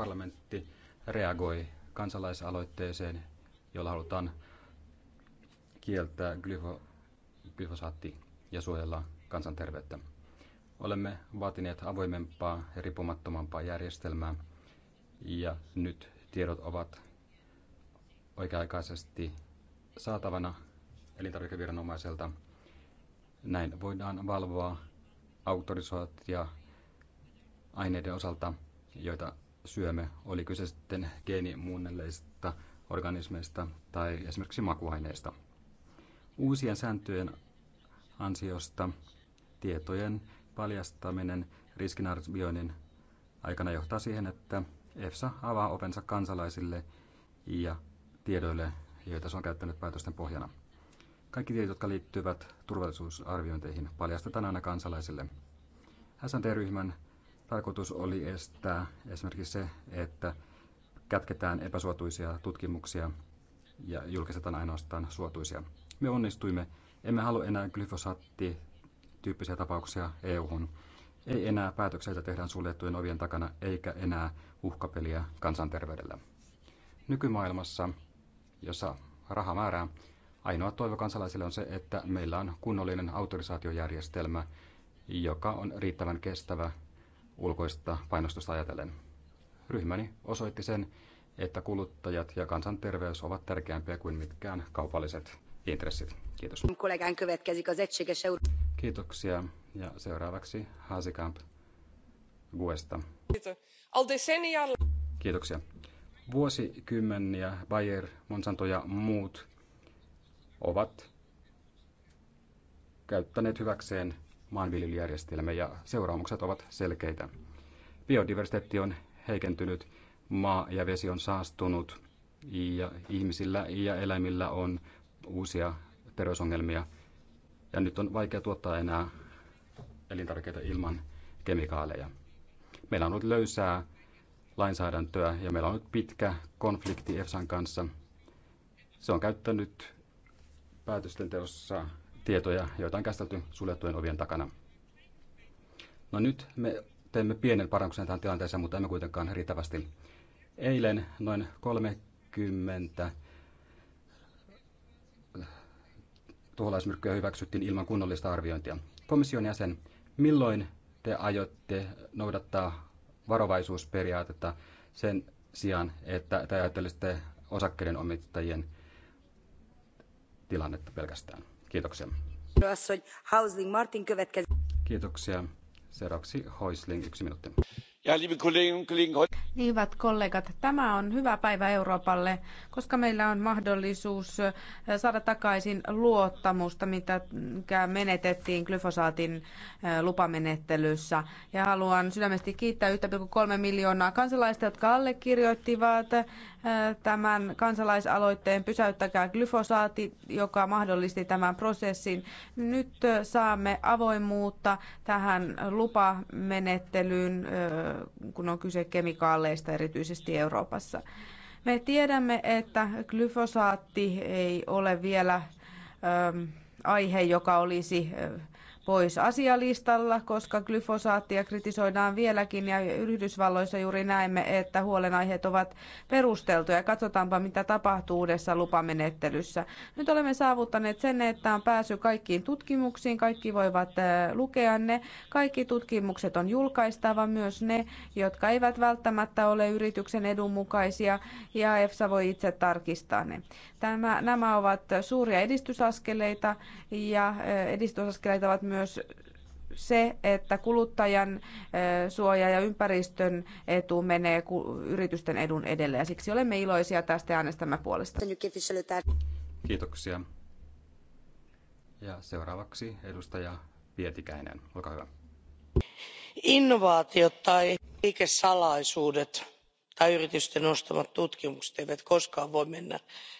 parlamentti reagoi kansalaisaloitteeseen, jolla halutaan kieltää glyfosaatti ja suojella kansanterveyttä. Olemme vaatineet avoimempaa ja riippumattomampaa järjestelmää ja nyt tiedot ovat oikea-aikaisesti saatavana elintarvikeviranomaiselta. Näin voidaan valvoa autorisointia aineiden osalta, joita syömme, oli kyse sitten geenimuunnelleista organismeista tai esimerkiksi makuaineista. Uusien sääntöjen ansiosta tietojen paljastaminen riskinarvioinnin aikana johtaa siihen, että EFSA avaa ovensa kansalaisille ja tiedoille, joita se on käyttänyt päätösten pohjana. Kaikki tiedot, jotka liittyvät turvallisuusarviointeihin, paljastetaan aina kansalaisille. SNT-ryhmän tarkoitus oli estää esimerkiksi se, että kätketään epäsuotuisia tutkimuksia ja julkistetaan ainoastaan suotuisia. Me onnistuimme. Emme halua enää glyfosaattityyppisiä tapauksia EU-hun. Ei enää päätöksiä, joita tehdään suljettujen ovien takana, eikä enää uhkapeliä kansanterveydellä. Nykymaailmassa, jossa raha määrää, ainoa toivo kansalaisille on se, että meillä on kunnollinen autorisaatiojärjestelmä, joka on riittävän kestävä ulkoista painostusta ajatellen. Ryhmäni osoitti sen, että kuluttajat ja kansanterveys ovat tärkeämpiä kuin mitkään kaupalliset intressit. Kiitos. Kiitoksia. Ja seuraavaksi Haasikamp Guesta. Kiitoksia. Vuosikymmeniä Bayer, Monsanto ja muut ovat käyttäneet hyväkseen maanviljelyjärjestelmä ja seuraamukset ovat selkeitä. Biodiversiteetti on heikentynyt, maa ja vesi on saastunut ja ihmisillä ja eläimillä on uusia terveysongelmia. Ja nyt on vaikea tuottaa enää elintarkeita ilman kemikaaleja. Meillä on ollut löysää lainsäädäntöä ja meillä on ollut pitkä konflikti EFSAn kanssa. Se on käyttänyt päätösten teossa tietoja, joita on käsitelty suljettujen ovien takana. No nyt me teemme pienen parannuksen tähän tilanteeseen, mutta emme kuitenkaan riittävästi. Eilen noin 30 tuholaismyrkkyä hyväksyttiin ilman kunnollista arviointia. Komission jäsen, milloin te aiotte noudattaa varovaisuusperiaatetta sen sijaan, että te ajattelisitte osakkeiden omistajien tilannetta pelkästään? Kiitoksia. Kiitoksia. Seuraavaksi Hoisling, yksi minuutti. Niin, hyvät kollegat, tämä on hyvä päivä Euroopalle, koska meillä on mahdollisuus saada takaisin luottamusta, mitä menetettiin glyfosaatin lupamenettelyssä. Ja haluan sydämesti kiittää 1,3 miljoonaa kansalaista, jotka allekirjoittivat tämän kansalaisaloitteen Pysäyttäkää glyfosaati, joka mahdollisti tämän prosessin. Nyt saamme avoimuutta tähän lupamenettelyyn, kun on kyse kemikaaleista erityisesti Euroopassa. Me tiedämme, että glyfosaatti ei ole vielä aihe, joka olisi pois asialistalla, koska glyfosaattia kritisoidaan vieläkin ja Yhdysvalloissa juuri näemme, että huolenaiheet ovat perusteltuja. Katsotaanpa, mitä tapahtuu uudessa lupamenettelyssä. Nyt olemme saavuttaneet sen, että on pääsy kaikkiin tutkimuksiin, kaikki voivat äh, lukea ne. Kaikki tutkimukset on julkaistava, myös ne, jotka eivät välttämättä ole yrityksen edun mukaisia, ja EFSA voi itse tarkistaa ne. Tämä, nämä ovat suuria edistysaskeleita ja edistysaskeleita ovat myös se, että kuluttajan suoja ja ympäristön etu menee yritysten edun edelle ja siksi olemme iloisia tästä äänestämme puolesta. Kiitoksia. Ja seuraavaksi edustaja Pietikäinen, olkaa hyvä. Innovaatiot tai liikesalaisuudet tai yritysten ostamat tutkimukset eivät koskaan voi mennä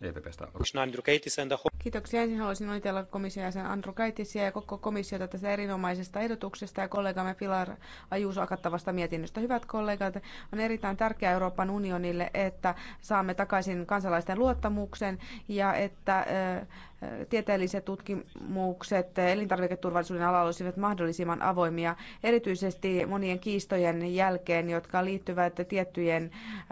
EPPstä. Kiitoksia. Ensin haluaisin onnitella komission jäsen Andrew Kaitisia ja koko komissiota tästä erinomaisesta ehdotuksesta ja kollegamme Pilar Ajuuso akattavasta mietinnöstä. Hyvät kollegat, on erittäin tärkeää Euroopan unionille, että saamme takaisin kansalaisten luottamuksen ja että äh, tieteelliset tutkimukset elintarviketurvallisuuden alalla olisivat mahdollisimman avoimia, erityisesti monien kiistojen jälkeen, jotka liittyvät tiettyjen äh,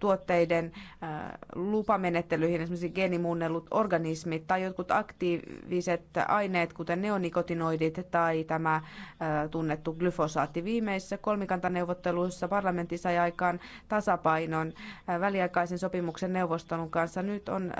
tuotteiden äh, lupamenettelyihin, esimerkiksi geenimuunnellut organismit tai jotkut aktiiviset aineet, kuten neonikotinoidit tai tämä äh, tunnettu glyfosaatti. viimeisessä kolmikantaneuvotteluissa parlamentti sai aikaan tasapainon väliaikaisen sopimuksen neuvoston kanssa. Nyt on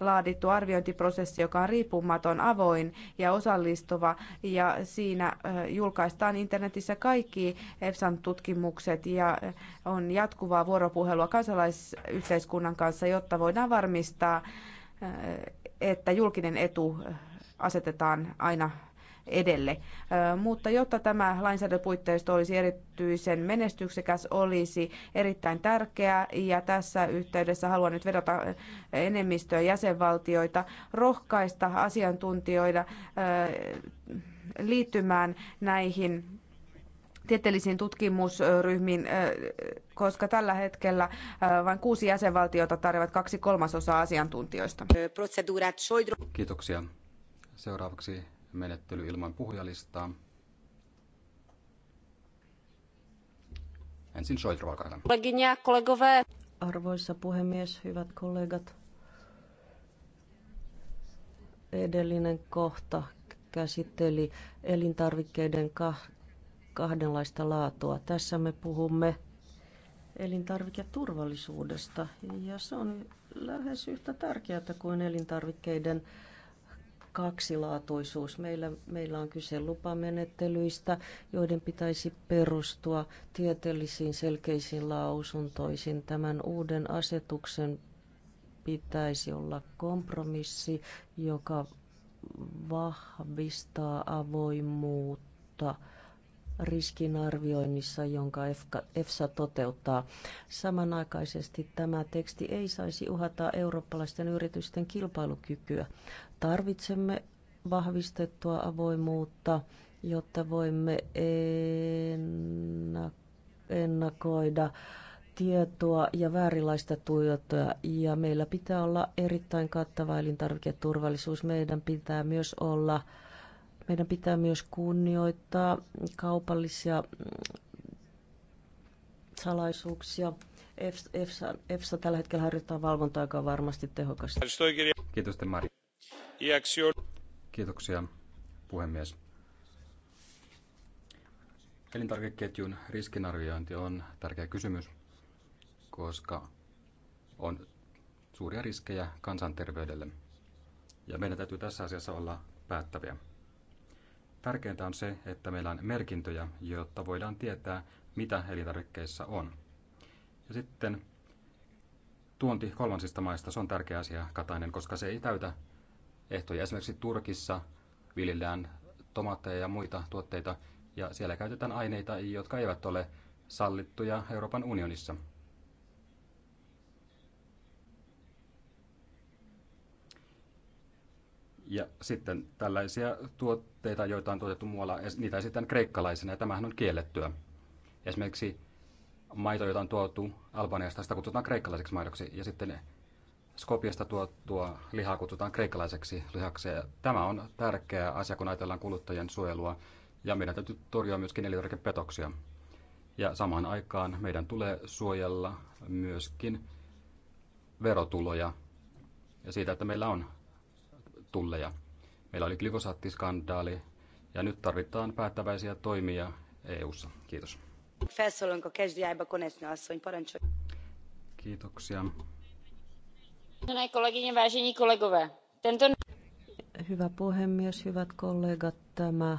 laadittu arviointiprosessi prosessi, joka on riippumaton, avoin ja osallistuva ja siinä julkaistaan internetissä kaikki EFSAn tutkimukset ja on jatkuvaa vuoropuhelua kansalaisyhteiskunnan kanssa, jotta voidaan varmistaa, että julkinen etu asetetaan aina edelle. Mutta jotta tämä lainsäädäntöpuitteisto olisi erityisen menestyksekäs, olisi erittäin tärkeää ja tässä yhteydessä haluan nyt vedota enemmistöä jäsenvaltioita rohkaista asiantuntijoita liittymään näihin tieteellisiin tutkimusryhmiin, koska tällä hetkellä vain kuusi jäsenvaltiota tarjoavat kaksi kolmasosaa asiantuntijoista. Kiitoksia. Seuraavaksi menettely ilman puhujalistaa. Ensin Soitru, olkaa hyvä. Arvoisa puhemies, hyvät kollegat. Edellinen kohta käsitteli elintarvikkeiden kahdenlaista laatua. Tässä me puhumme elintarviketurvallisuudesta ja se on lähes yhtä tärkeää kuin elintarvikkeiden kaksilaatuisuus. Meillä, meillä on kyse lupamenettelyistä, joiden pitäisi perustua tieteellisiin selkeisiin lausuntoisiin. Tämän uuden asetuksen pitäisi olla kompromissi, joka vahvistaa avoimuutta riskinarvioinnissa, jonka EFSA toteuttaa. Samanaikaisesti tämä teksti ei saisi uhata eurooppalaisten yritysten kilpailukykyä tarvitsemme vahvistettua avoimuutta, jotta voimme ennakoida tietoa ja väärinlaista tuijotoja. Ja meillä pitää olla erittäin kattava elintarviketurvallisuus. Meidän pitää myös olla, meidän pitää myös kunnioittaa kaupallisia mm, salaisuuksia. EFSA, EFSA tällä hetkellä harjoittaa valvontaa, joka on varmasti tehokasta. Kiitos, Mari. Kiitoksia, puhemies. Elintarvikeketjun riskinarviointi on tärkeä kysymys, koska on suuria riskejä kansanterveydelle. Ja meidän täytyy tässä asiassa olla päättäviä. Tärkeintä on se, että meillä on merkintöjä, jotta voidaan tietää, mitä elintarvikkeissa on. Ja sitten tuonti kolmansista maista, se on tärkeä asia, Katainen, koska se ei täytä ehtoja. Esimerkiksi Turkissa viljellään tomaatteja ja muita tuotteita, ja siellä käytetään aineita, jotka eivät ole sallittuja Euroopan unionissa. Ja sitten tällaisia tuotteita, joita on tuotettu muualla, niitä esitetään kreikkalaisena, ja tämähän on kiellettyä. Esimerkiksi maito, jota on tuotu Albaniasta, sitä kutsutaan kreikkalaiseksi maidoksi, ja sitten Skopiasta tuotua lihaa kutsutaan kreikkalaiseksi lihaksi. Ja tämä on tärkeä asia, kun ajatellaan kuluttajien suojelua ja meidän täytyy torjua myöskin elintarvikepetoksia. Ja samaan aikaan meidän tulee suojella myöskin verotuloja ja siitä, että meillä on tulleja. Meillä oli glyfosaattiskandaali ja nyt tarvitaan päättäväisiä toimia EU-ssa. Kiitos. Kiitoksia. Hyvä puhemies, hyvät kollegat, tämä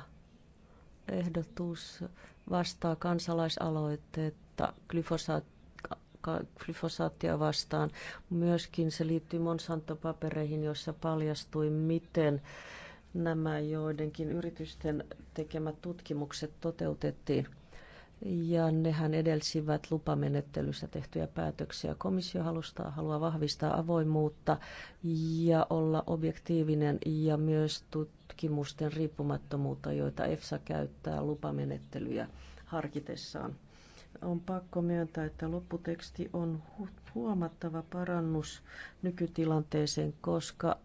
ehdotus vastaa kansalaisaloitetta glyfosaattia vastaan. Myöskin se liittyy Monsanto-papereihin, joissa paljastui, miten nämä joidenkin yritysten tekemät tutkimukset toteutettiin – ja nehän edelsivät lupamenettelyssä tehtyjä päätöksiä. Komissio halustaa, haluaa vahvistaa avoimuutta ja olla objektiivinen ja myös tutkimusten riippumattomuutta, joita EFSA käyttää lupamenettelyjä harkitessaan. On pakko myöntää, että lopputeksti on huomattava parannus nykytilanteeseen, koska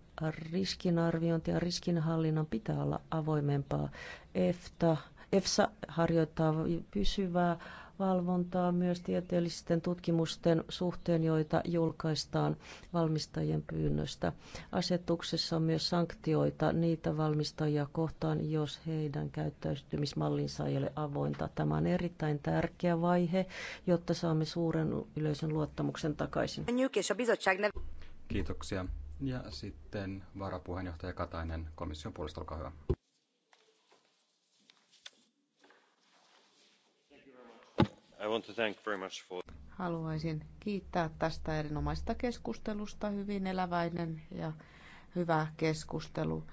riskinarviointi ja riskinhallinnan pitää olla avoimempaa. EFTA EFSA harjoittaa pysyvää valvontaa myös tieteellisten tutkimusten suhteen, joita julkaistaan valmistajien pyynnöstä. Asetuksessa on myös sanktioita niitä valmistajia kohtaan, jos heidän käyttäytymismallinsa ei ole avointa. Tämä on erittäin tärkeä vaihe, jotta saamme suuren yleisön luottamuksen takaisin. Kiitoksia. Ja sitten varapuheenjohtaja Katainen komission puolesta, olkaa hyvä. Haluaisin kiittää tästä erinomaisesta keskustelusta, hyvin eläväinen ja hyvä keskustelu.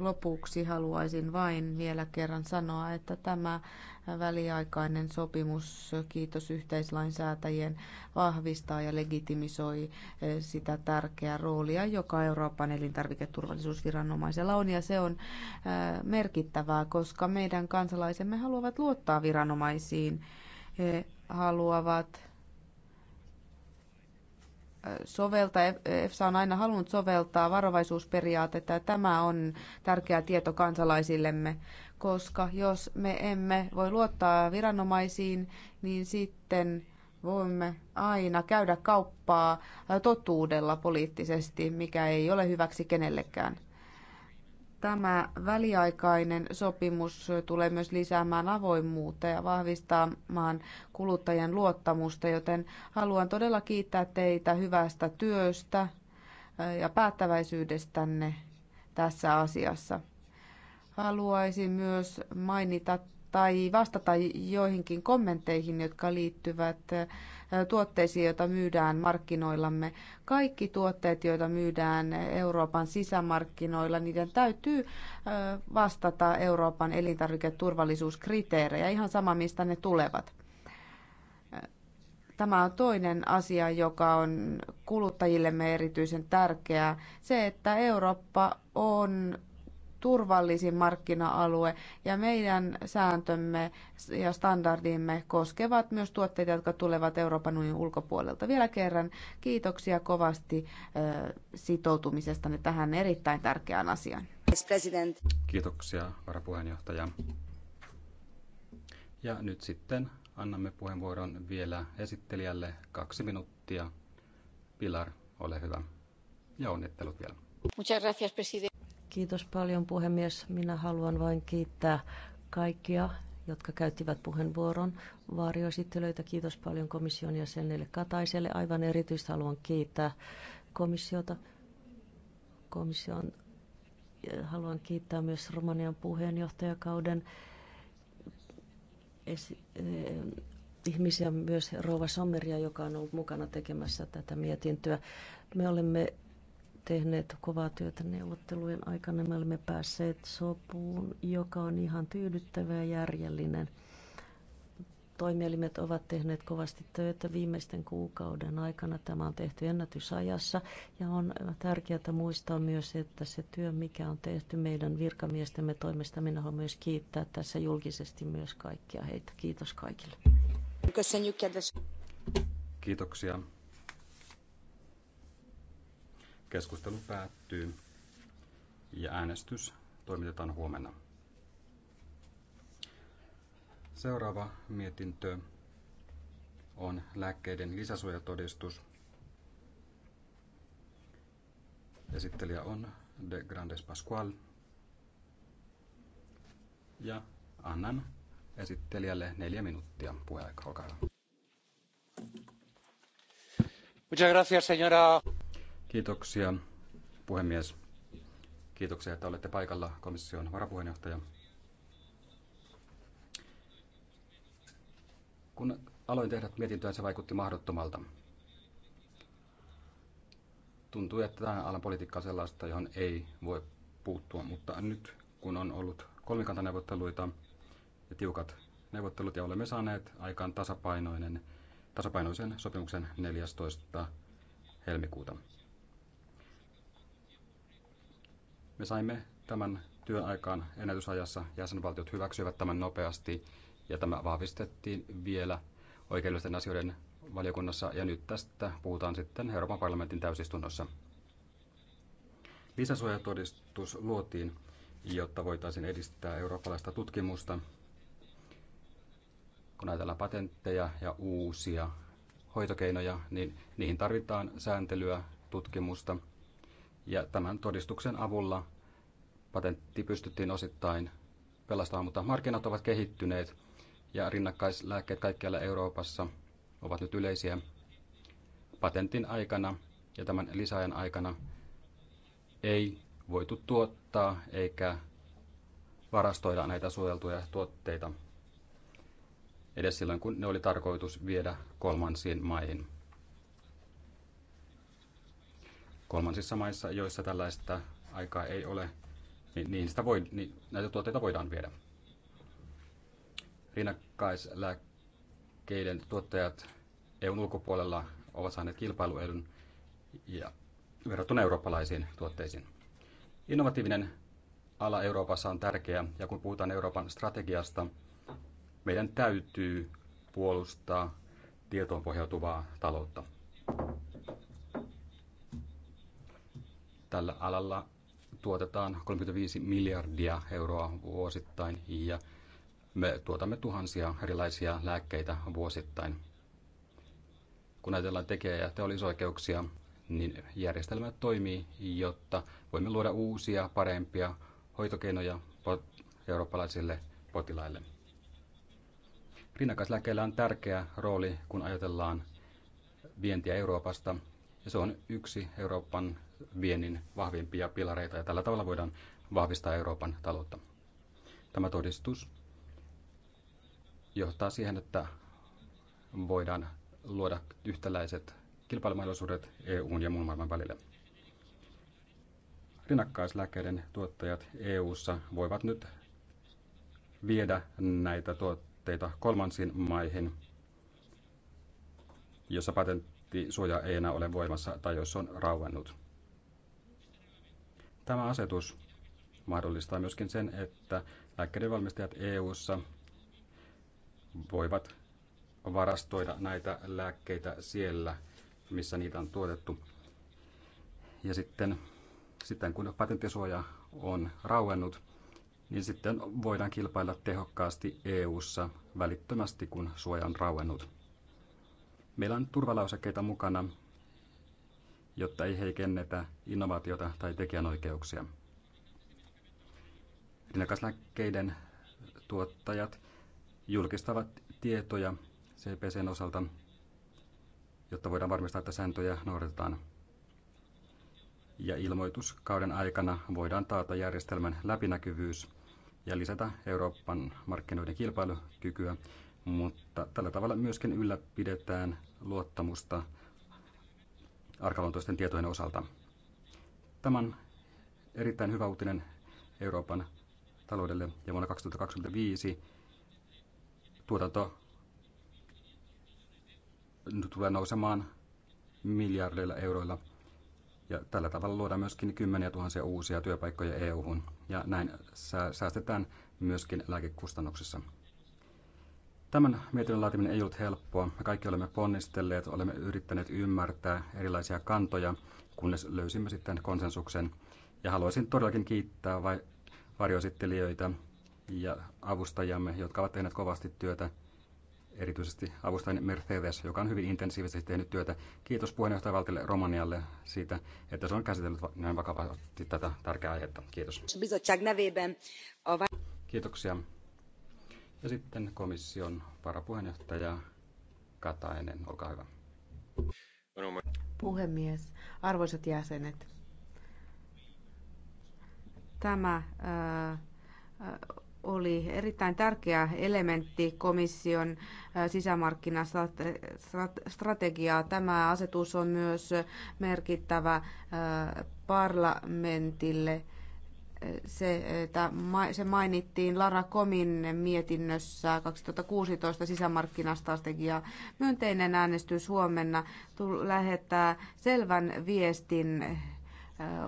Lopuksi haluaisin vain vielä kerran sanoa, että tämä väliaikainen sopimus, kiitos yhteislainsäätäjien, vahvistaa ja legitimisoi eh, sitä tärkeää roolia, joka Euroopan elintarviketurvallisuusviranomaisella on. Ja se on eh, merkittävää, koska meidän kansalaisemme haluavat luottaa viranomaisiin he haluavat soveltaa, e-, e EFSA on aina halunnut soveltaa varovaisuusperiaatetta ja tämä on tärkeä tieto kansalaisillemme, koska jos me emme voi luottaa viranomaisiin, niin sitten voimme aina käydä kauppaa totuudella poliittisesti, mikä ei ole hyväksi kenellekään. Tämä väliaikainen sopimus tulee myös lisäämään avoimuutta ja vahvistamaan kuluttajien luottamusta, joten haluan todella kiittää teitä hyvästä työstä ja päättäväisyydestänne tässä asiassa. Haluaisin myös mainita tai vastata joihinkin kommentteihin, jotka liittyvät tuotteisiin, joita myydään markkinoillamme. Kaikki tuotteet, joita myydään Euroopan sisämarkkinoilla, niiden täytyy vastata Euroopan elintarviketurvallisuuskriteerejä, ihan sama mistä ne tulevat. Tämä on toinen asia, joka on kuluttajillemme erityisen tärkeää. Se, että Eurooppa on turvallisin markkina-alue ja meidän sääntömme ja standardimme koskevat myös tuotteita, jotka tulevat Euroopan unionin ulkopuolelta. Vielä kerran kiitoksia kovasti sitoutumisestanne tähän erittäin tärkeään asiaan. President. Kiitoksia varapuheenjohtaja. Ja nyt sitten annamme puheenvuoron vielä esittelijälle kaksi minuuttia. Pilar, ole hyvä. Ja onnittelut vielä. Muchas gracias, presidente. Kiitos paljon puhemies. Minä haluan vain kiittää kaikkia, jotka käyttivät puheenvuoron. Vaarioesittelyitä kiitos paljon komission jäsenelle Kataiselle. Aivan erityisesti haluan kiittää komissiota. Komission eh, haluan kiittää myös Romanian puheenjohtajakauden esi- eh, ihmisiä, myös Rova Sommeria, joka on ollut mukana tekemässä tätä mietintöä. Me olemme tehneet kovaa työtä neuvottelujen aikana. Me olemme päässeet sopuun, joka on ihan tyydyttävä ja järjellinen. Toimielimet ovat tehneet kovasti töitä viimeisten kuukauden aikana. Tämä on tehty ennätysajassa ja on tärkeää muistaa myös, että se työ, mikä on tehty meidän virkamiestemme toimesta, minä haluan myös kiittää tässä julkisesti myös kaikkia heitä. Kiitos kaikille. Kiitoksia. Keskustelu päättyy ja äänestys toimitetaan huomenna. Seuraava mietintö on lääkkeiden lisäsuojatodistus. Esittelijä on De Grandes Pascual. Ja annan esittelijälle neljä minuuttia puheaikaa. Olkaa hyvä. Muchas gracias, señora Kiitoksia, puhemies. Kiitoksia, että olette paikalla, komission varapuheenjohtaja. Kun aloin tehdä mietintöä, se vaikutti mahdottomalta. Tuntui, että tämän alan politiikka on sellaista, johon ei voi puuttua, mutta nyt kun on ollut kolmikantaneuvotteluita ja tiukat neuvottelut ja olemme saaneet aikaan tasapainoinen, tasapainoisen sopimuksen 14. helmikuuta. Me saimme tämän työn aikaan ennätysajassa. Jäsenvaltiot hyväksyivät tämän nopeasti ja tämä vahvistettiin vielä oikeudellisten asioiden valiokunnassa ja nyt tästä puhutaan sitten Euroopan parlamentin täysistunnossa. Lisäsuojatodistus luotiin, jotta voitaisiin edistää eurooppalaista tutkimusta, kun ajatellaan patentteja ja uusia hoitokeinoja, niin niihin tarvitaan sääntelyä, tutkimusta – ja tämän todistuksen avulla patentti pystyttiin osittain pelastamaan, mutta markkinat ovat kehittyneet ja rinnakkaislääkkeet kaikkialla Euroopassa ovat nyt yleisiä. Patentin aikana ja tämän lisäajan aikana ei voitu tuottaa eikä varastoida näitä suojeltuja tuotteita edes silloin, kun ne oli tarkoitus viedä kolmansiin maihin. Kolmansissa maissa, joissa tällaista aikaa ei ole, niin, niin, sitä voi, niin näitä tuotteita voidaan viedä. Rinnakkaislääkkeiden tuottajat EUn ulkopuolella ovat saaneet kilpailuedun ja verrattuna eurooppalaisiin tuotteisiin. Innovatiivinen ala Euroopassa on tärkeä ja kun puhutaan Euroopan strategiasta, meidän täytyy puolustaa tietoon pohjautuvaa taloutta. Tällä alalla tuotetaan 35 miljardia euroa vuosittain ja me tuotamme tuhansia erilaisia lääkkeitä vuosittain. Kun ajatellaan tekijä- ja teollisoikeuksia, niin järjestelmä toimii, jotta voimme luoda uusia, parempia hoitokeinoja eurooppalaisille potilaille. Rinnakkaislääkkeillä on tärkeä rooli, kun ajatellaan vientiä Euroopasta, ja se on yksi Euroopan viennin vahvimpia pilareita ja tällä tavalla voidaan vahvistaa Euroopan taloutta. Tämä todistus johtaa siihen, että voidaan luoda yhtäläiset kilpailumahdollisuudet EUn ja muun maailman välille. Rinnakkaislääkkeiden tuottajat EUssa voivat nyt viedä näitä tuotteita kolmansiin maihin, jossa patenttisuoja ei enää ole voimassa tai jos on rauennut. Tämä asetus mahdollistaa myöskin sen, että lääkkeiden valmistajat EU:ssa voivat varastoida näitä lääkkeitä siellä, missä niitä on tuotettu. Ja sitten, sitten kun patenttisuoja on rauennut, niin sitten voidaan kilpailla tehokkaasti EU:ssa välittömästi, kun suoja on rauennut. Meillä on turvalausekkeita mukana, jotta ei heikennetä innovaatiota tai tekijänoikeuksia. Rinnakkaislääkkeiden tuottajat julkistavat tietoja CPCn osalta, jotta voidaan varmistaa, että sääntöjä noudatetaan. Ja ilmoituskauden aikana voidaan taata järjestelmän läpinäkyvyys ja lisätä Euroopan markkinoiden kilpailukykyä, mutta tällä tavalla myöskin ylläpidetään luottamusta arkaluontoisten tietojen osalta. Tämä on erittäin hyvä uutinen Euroopan taloudelle ja vuonna 2025 tuotanto tulee nousemaan miljardeilla euroilla. Ja tällä tavalla luodaan myöskin kymmeniä tuhansia uusia työpaikkoja EU-hun ja näin säästetään myöskin lääkekustannuksissa. Tämän mietinnön laatiminen ei ollut helppoa. Me kaikki olemme ponnistelleet, olemme yrittäneet ymmärtää erilaisia kantoja, kunnes löysimme sitten konsensuksen. Ja haluaisin todellakin kiittää vai varjoesittelijöitä ja avustajamme, jotka ovat tehneet kovasti työtä, erityisesti avustajan Mercedes, joka on hyvin intensiivisesti tehnyt työtä. Kiitos Valtille Romanialle siitä, että se on käsitellyt näin vakavasti tätä tärkeää aihetta. Kiitos. Kiitoksia. Ja sitten komission varapuheenjohtaja Katainen, olkaa hyvä. Puhemies, arvoisat jäsenet, tämä ää, äh, oli erittäin tärkeä elementti komission äh, sisämarkkinastrategiaa. Tämä asetus on myös merkittävä äh, parlamentille – se, että se mainittiin Lara Komin mietinnössä 2016 sisämarkkinastrategia. Myönteinen äänestys huomenna lähettää selvän viestin äh,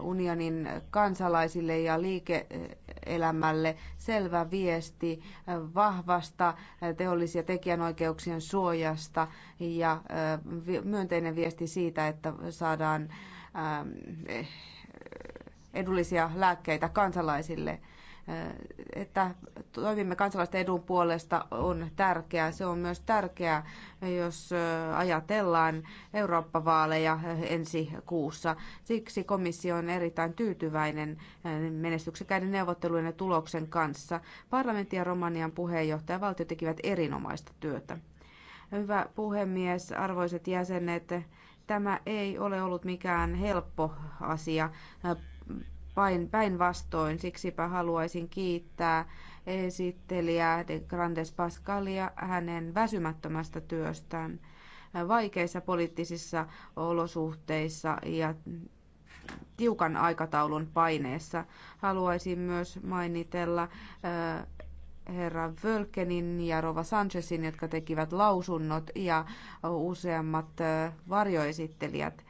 unionin kansalaisille ja liike-elämälle selvä viesti äh, vahvasta äh, teollisia tekijänoikeuksien suojasta ja myönteinen viesti siitä, että saadaan ähm, edullisia lääkkeitä kansalaisille. Että toimimme kansalaisten edun puolesta on tärkeää. Se on myös tärkeää, jos ajatellaan Eurooppa-vaaleja ensi kuussa. Siksi komissio on erittäin tyytyväinen menestyksekäiden neuvottelujen ja tuloksen kanssa. Parlamentti ja Romanian valtio tekivät erinomaista työtä. Hyvä puhemies, arvoisat jäsenet, tämä ei ole ollut mikään helppo asia vain päinvastoin. Siksipä haluaisin kiittää esittelijää de Grandes Pascalia hänen väsymättömästä työstään vaikeissa poliittisissa olosuhteissa ja tiukan aikataulun paineessa. Haluaisin myös mainitella äh, herra Völkenin ja Rova Sanchezin, jotka tekivät lausunnot, ja useammat äh, varjoesittelijät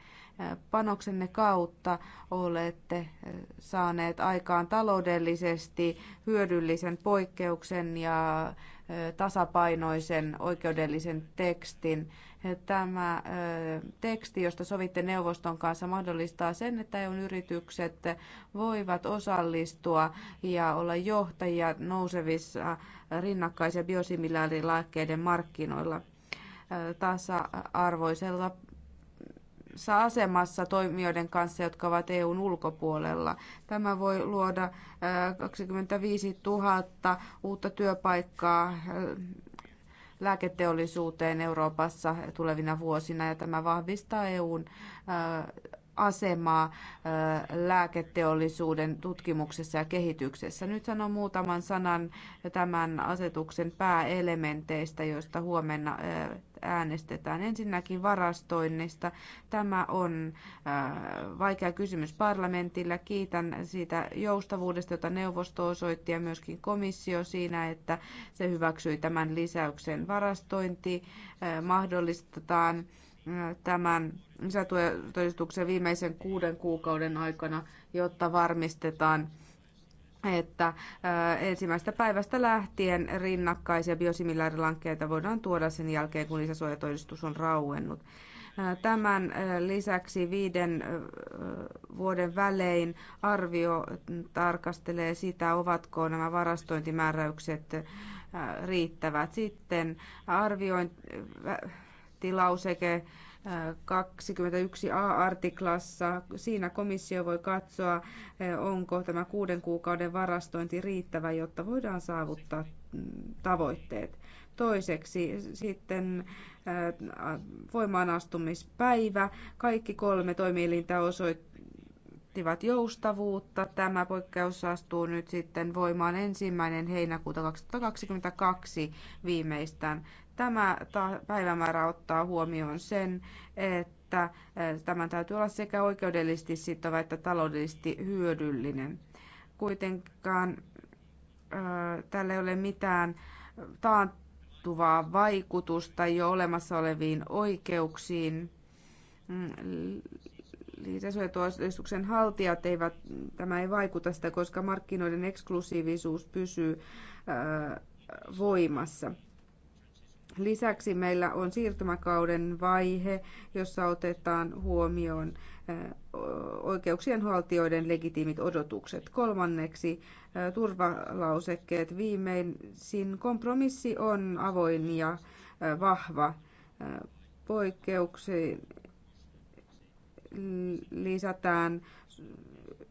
panoksenne kautta olette eh, saaneet aikaan taloudellisesti hyödyllisen poikkeuksen ja eh, tasapainoisen oikeudellisen tekstin. Tämä eh, teksti, josta sovitte neuvoston kanssa, mahdollistaa sen, että eu yritykset voivat osallistua ja olla johtajia nousevissa rinnakkaisia biosimilaarilääkkeiden markkinoilla tasa-arvoisella asemassa toimijoiden kanssa, jotka ovat EUn ulkopuolella. Tämä voi luoda 25 äh, 000 uutta työpaikkaa äh, lääketeollisuuteen Euroopassa tulevina vuosina ja tämä vahvistaa EUn äh, asemaa lääketeollisuuden tutkimuksessa ja kehityksessä. Nyt sanon muutaman sanan tämän asetuksen pääelementeistä, joista huomenna äänestetään. Ensinnäkin varastoinnista. Tämä on vaikea kysymys parlamentilla. Kiitän siitä joustavuudesta, jota neuvosto osoitti ja myöskin komissio siinä, että se hyväksyi tämän lisäyksen. Varastointi mahdollistetaan tämän lisätodistuksen viimeisen kuuden kuukauden aikana, jotta varmistetaan, että äh, ensimmäisestä päivästä lähtien rinnakkaisia biosimilaarilankkeita voidaan tuoda sen jälkeen, kun lisäsuojatodistus on rauennut. Äh, tämän äh, lisäksi viiden vuoden välein arvio tarkastelee sitä, ovatko nämä varastointimääräykset riittävät. Sitten arvioin, tilauseke 21a-artiklassa. Siinä komissio voi katsoa, onko tämä kuuden kuukauden varastointi riittävä, jotta voidaan saavuttaa mm, tavoitteet. Toiseksi sitten voimaanastumispäivä. Kaikki kolme toimielintä osoittivat joustavuutta. Tämä poikkeus astuu nyt sitten voimaan ensimmäinen heinäkuuta 2022 viimeistään. Tämä päivämäärä ottaa huomioon sen, että tämän täytyy olla sekä oikeudellisesti sitova että taloudellisesti hyödyllinen. Kuitenkaan tällä ei ole mitään taantuvaa vaikutusta jo olemassa oleviin oikeuksiin. Mm, Lisäsuojatuoistuksen haltijat eivät, tämä ei vaikuta sitä, koska markkinoiden eksklusiivisuus pysyy voimassa. Lisäksi meillä on siirtymäkauden vaihe, jossa otetaan huomioon oikeuksien haltijoiden legitiimit odotukset. Kolmanneksi turvalausekkeet. Viimeisin kompromissi on avoin ja vahva poikkeuksiin lisätään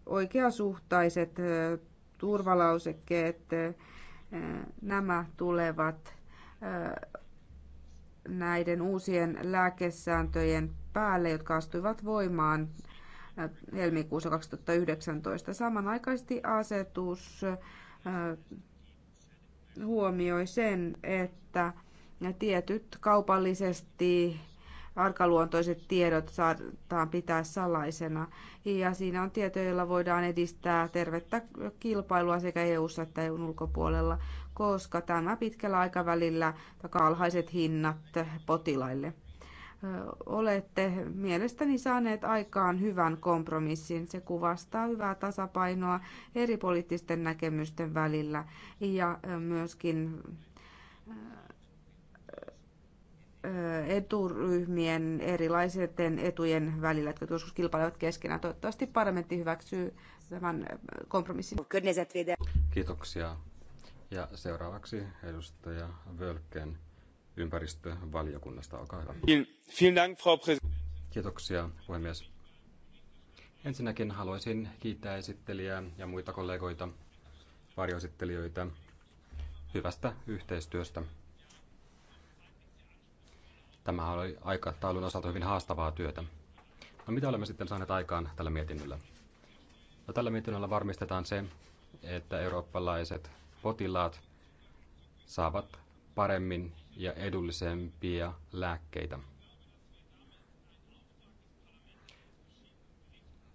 oikeasuhtaiset turvalausekkeet. Nämä tulevat näiden uusien lääkesääntöjen päälle, jotka astuivat voimaan äh, helmikuussa 2019. Samanaikaisesti asetus äh, huomioi sen, että tietyt kaupallisesti arkaluontoiset tiedot saadaan pitää salaisena. Ja siinä on tietoja, joilla voidaan edistää tervettä kilpailua sekä EU-ssa että EUn ulkopuolella koska tämä pitkällä aikavälillä takaa alhaiset hinnat potilaille. Olette mielestäni saaneet aikaan hyvän kompromissin. Se kuvastaa hyvää tasapainoa eri poliittisten näkemysten välillä ja myöskin eturyhmien erilaisten etujen välillä, jotka joskus kilpailevat keskenään. Toivottavasti parlamentti hyväksyy tämän kompromissin. Kiitoksia ja seuraavaksi edustaja Völken ympäristövaliokunnasta, olkaa hyvä. Kiitoksia puhemies. Ensinnäkin haluaisin kiittää esittelijää ja muita kollegoita, varjoesittelijöitä hyvästä yhteistyöstä. Tämä oli aikataulun osalta hyvin haastavaa työtä. No mitä olemme sitten saaneet aikaan tällä mietinnöllä? No, tällä mietinnöllä varmistetaan se, että eurooppalaiset potilaat saavat paremmin ja edullisempia lääkkeitä.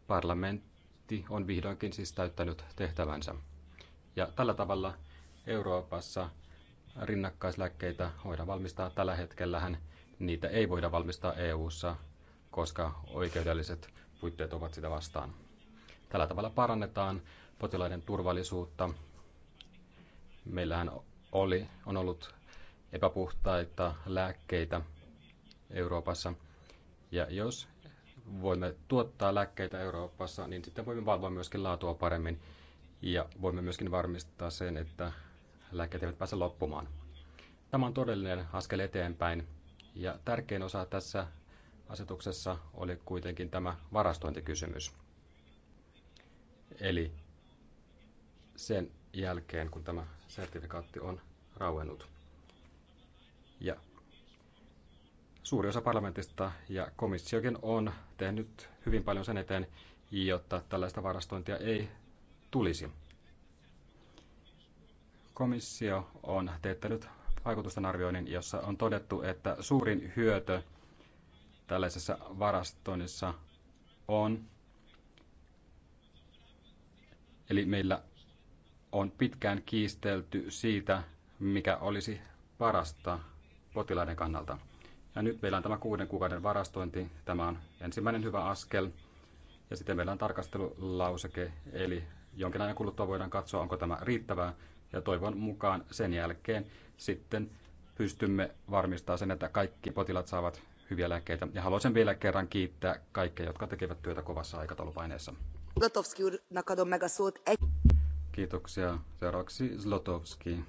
Parlamentti on vihdoinkin siis täyttänyt tehtävänsä. Ja tällä tavalla Euroopassa rinnakkaislääkkeitä voidaan valmistaa. Tällä hetkellähän niitä ei voida valmistaa EU:ssa, koska oikeudelliset puitteet ovat sitä vastaan. Tällä tavalla parannetaan potilaiden turvallisuutta Meillähän oli, on ollut epäpuhtaita lääkkeitä Euroopassa. Ja jos voimme tuottaa lääkkeitä Euroopassa, niin sitten voimme valvoa myöskin laatua paremmin ja voimme myöskin varmistaa sen, että lääkkeet eivät pääse loppumaan. Tämä on todellinen askel eteenpäin ja tärkein osa tässä asetuksessa oli kuitenkin tämä varastointikysymys. Eli sen jälkeen, kun tämä sertifikaatti on rauennut. Ja suuri osa parlamentista ja komissiokin on tehnyt hyvin paljon sen eteen, jotta tällaista varastointia ei tulisi. Komissio on teettänyt vaikutusten arvioinnin, jossa on todettu, että suurin hyöty tällaisessa varastoinnissa on, eli meillä on pitkään kiistelty siitä, mikä olisi parasta potilaiden kannalta. Ja nyt meillä on tämä kuuden kuukauden varastointi. Tämä on ensimmäinen hyvä askel. Ja sitten meillä on tarkastelulauseke, eli jonkin ajan kuluttua voidaan katsoa, onko tämä riittävää. Ja toivon mukaan sen jälkeen sitten pystymme varmistamaan sen, että kaikki potilaat saavat hyviä lääkkeitä. Ja haluaisin vielä kerran kiittää kaikkia, jotka tekevät työtä kovassa aikataulupaineessa. Kiitoksia. Seuraavaksi Zlotowski.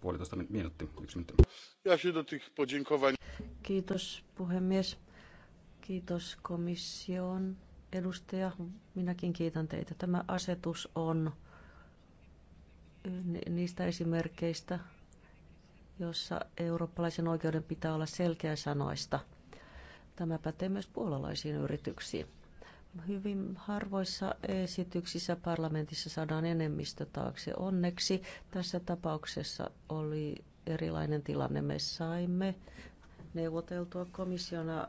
Puolitoista minuutti, yksi minuutti. Kiitos puhemies. Kiitos komission edustaja. Minäkin kiitän teitä. Tämä asetus on niistä esimerkkeistä, jossa eurooppalaisen oikeuden pitää olla selkeä sanoista. Tämä pätee myös puolalaisiin yrityksiin. Hyvin harvoissa esityksissä parlamentissa saadaan enemmistö taakse. Onneksi tässä tapauksessa oli erilainen tilanne. Me saimme neuvoteltua komissiona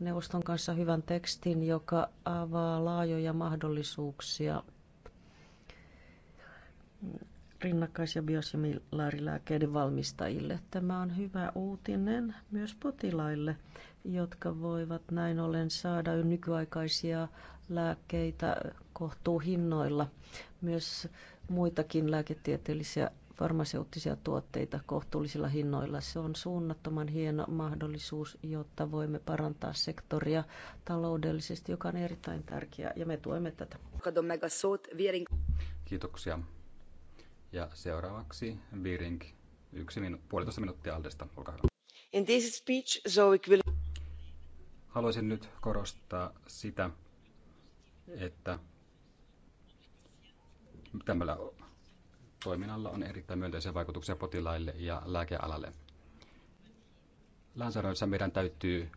neuvoston kanssa hyvän tekstin, joka avaa laajoja mahdollisuuksia rinnakkais- ja biosimilaarilääkkeiden valmistajille. Tämä on hyvä uutinen myös potilaille jotka voivat näin ollen saada nykyaikaisia lääkkeitä kohtuuhinnoilla. Myös muitakin lääketieteellisiä farmaseuttisia tuotteita kohtuullisilla hinnoilla. Se on suunnattoman hieno mahdollisuus, jotta voimme parantaa sektoria taloudellisesti, joka on erittäin tärkeää, ja me tuemme tätä. Kiitoksia. Ja seuraavaksi Viring, yksi minu- puolitoista minuuttia Aldesta, olkaa hyvä. In this speech, Zoe will... Haluaisin nyt korostaa sitä, että tämmöllä toiminnalla on erittäin myönteisiä vaikutuksia potilaille ja lääkealalle. Lansaroissa meidän täytyy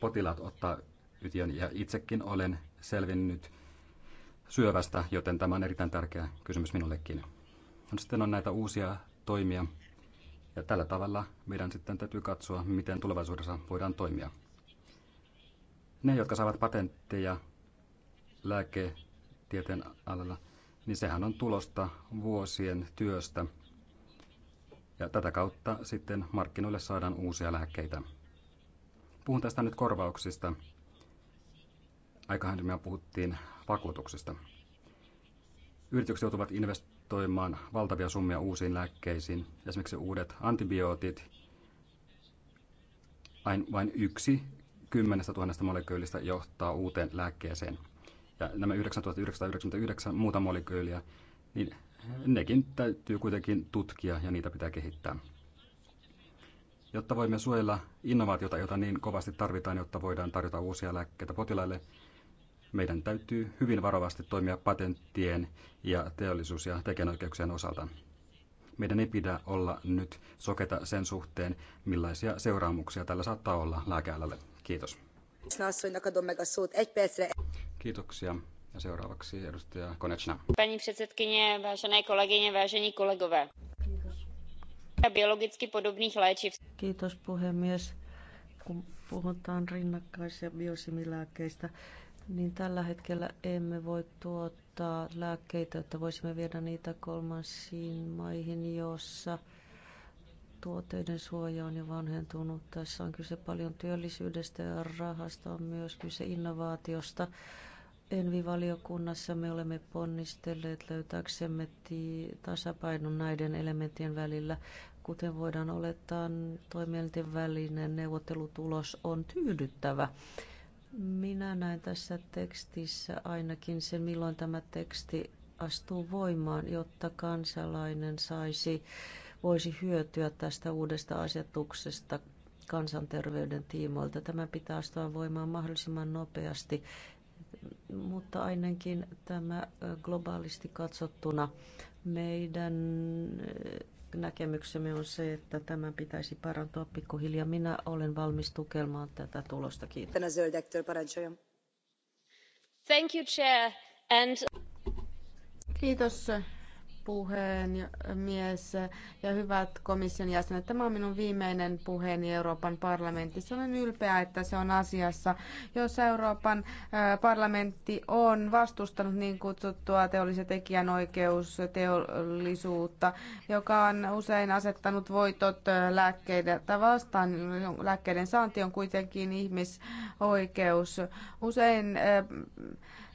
potilaat ottaa ytiön ja itsekin olen selvinnyt syövästä, joten tämä on erittäin tärkeä kysymys minullekin. No, sitten on näitä uusia toimia ja tällä tavalla meidän sitten täytyy katsoa, miten tulevaisuudessa voidaan toimia. Ne, jotka saavat patentteja lääketieteen alalla, niin sehän on tulosta vuosien työstä. Ja tätä kautta sitten markkinoille saadaan uusia lääkkeitä. Puhun tästä nyt korvauksista. Aikahan me puhuttiin vakuutuksista. Yritykset joutuvat investoimaan valtavia summia uusiin lääkkeisiin. Esimerkiksi uudet antibiootit. Ain, vain yksi 10 000 molekyylistä johtaa uuteen lääkkeeseen. Ja nämä 9999 muuta molekyyliä, niin nekin täytyy kuitenkin tutkia ja niitä pitää kehittää. Jotta voimme suojella innovaatiota, jota niin kovasti tarvitaan, jotta voidaan tarjota uusia lääkkeitä potilaille, meidän täytyy hyvin varovasti toimia patenttien ja teollisuus- ja tekijänoikeuksien osalta. Meidän ei pidä olla nyt soketa sen suhteen, millaisia seuraamuksia tällä saattaa olla lääkealalle. Kiitos. Kiitoksia. Ja seuraavaksi edustaja Konečna. Pani předsedkyně, vážené kolegyně, vážení kolegové. Kiitos. Biologicky podobných léčiv. Kiitos puhemies. Kun puhutaan rinnakkais- ja biosimilääkkeistä, niin tällä hetkellä emme voi tuottaa lääkkeitä, että voisimme viedä niitä kolmansiin maihin, jossa tuotteiden suoja on jo vanhentunut. Tässä on kyse paljon työllisyydestä ja rahasta, on myös kyse innovaatiosta. Envivaliokunnassa me olemme ponnistelleet löytääksemme tasapainon näiden elementtien välillä. Kuten voidaan olettaa, toimielinten välinen neuvottelutulos on tyydyttävä. Minä näen tässä tekstissä ainakin sen, milloin tämä teksti astuu voimaan, jotta kansalainen saisi voisi hyötyä tästä uudesta asetuksesta kansanterveyden tiimoilta. Tämä pitää astua voimaan mahdollisimman nopeasti, mutta ainakin tämä globaalisti katsottuna meidän näkemyksemme on se, että tämän pitäisi parantua pikkuhiljaa. Minä olen valmis tukemaan tätä tulosta. Kiitos. Thank you, chair. Kiitos puhemies ja hyvät komission jäsenet. Tämä on minun viimeinen puheeni Euroopan parlamentissa. Olen ylpeä, että se on asiassa, jos Euroopan parlamentti on vastustanut niin kutsuttua teollisen tekijänoikeusteollisuutta, joka on usein asettanut voitot lääkkeitä vastaan. Lääkkeiden saanti on kuitenkin ihmisoikeus. Usein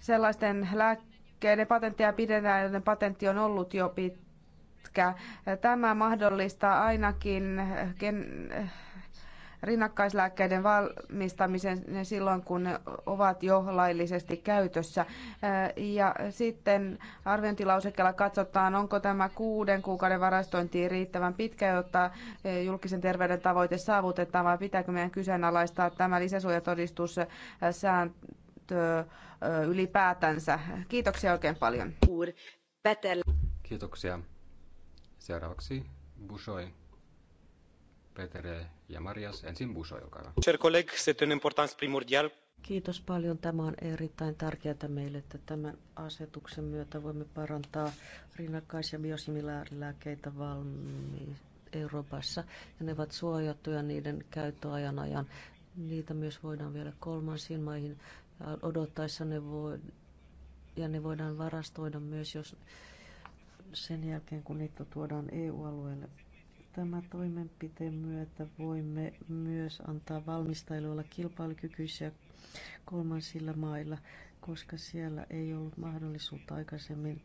sellaisten lääkkeiden ne patenttia pidetään, joten patentti on ollut jo pitkä. Tämä mahdollistaa ainakin gen, rinnakkaislääkkeiden valmistamisen silloin, kun ne ovat jo laillisesti käytössä. Ja sitten arviointilausekkeella katsotaan, onko tämä kuuden kuukauden varastointi riittävän pitkä, jotta julkisen terveyden tavoite saavutetaan, vai pitääkö meidän kyseenalaistaa tämä sääntö ylipäätänsä. Kiitoksia oikein paljon. Kiitoksia. Seuraavaksi Bushoi, Petere ja Marias. Ensin Bushoi, olkaa hyvä. Kiitos paljon. Tämä on erittäin tärkeää meille, että tämän asetuksen myötä voimme parantaa rinnakkais- ja biosimilaarilääkeitä valmiin Euroopassa. Ja ne ovat suojattuja niiden käyttöajan ajan. Niitä myös voidaan vielä kolmansiin maihin odottaessa ne voi, ja ne voidaan varastoida myös, jos sen jälkeen kun niitä tuodaan EU-alueelle. Tämä toimenpiteen myötä voimme myös antaa valmistailuilla kilpailukykyisiä kolmansilla mailla, koska siellä ei ollut mahdollisuutta aikaisemmin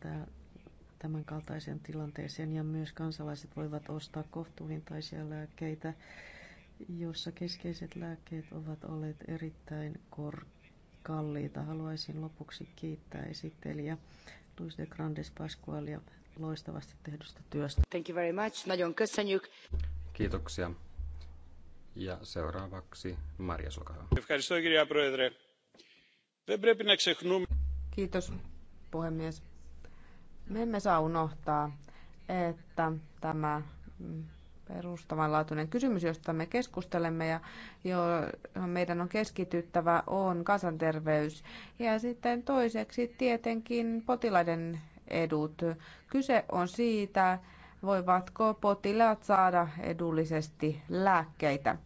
tämän kaltaiseen tilanteeseen ja myös kansalaiset voivat ostaa kohtuuhintaisia lääkkeitä, joissa keskeiset lääkkeet ovat olleet erittäin korkeita kalliita. Haluaisin lopuksi kiittää esittelijä Luis de Grandes Pasqualia loistavasti tehdystä työstä. Thank you very much. Nagyon köszönjük. Kiitoksia. Ja seuraavaksi Marja Sokaha. Kiitos puhemies. Me emme saa unohtaa, että tämä perustavanlaatuinen kysymys, josta me keskustelemme ja johon meidän on keskityttävä, on kansanterveys. Ja sitten toiseksi tietenkin potilaiden edut. Kyse on siitä, voivatko potilaat saada edullisesti lääkkeitä. Äh,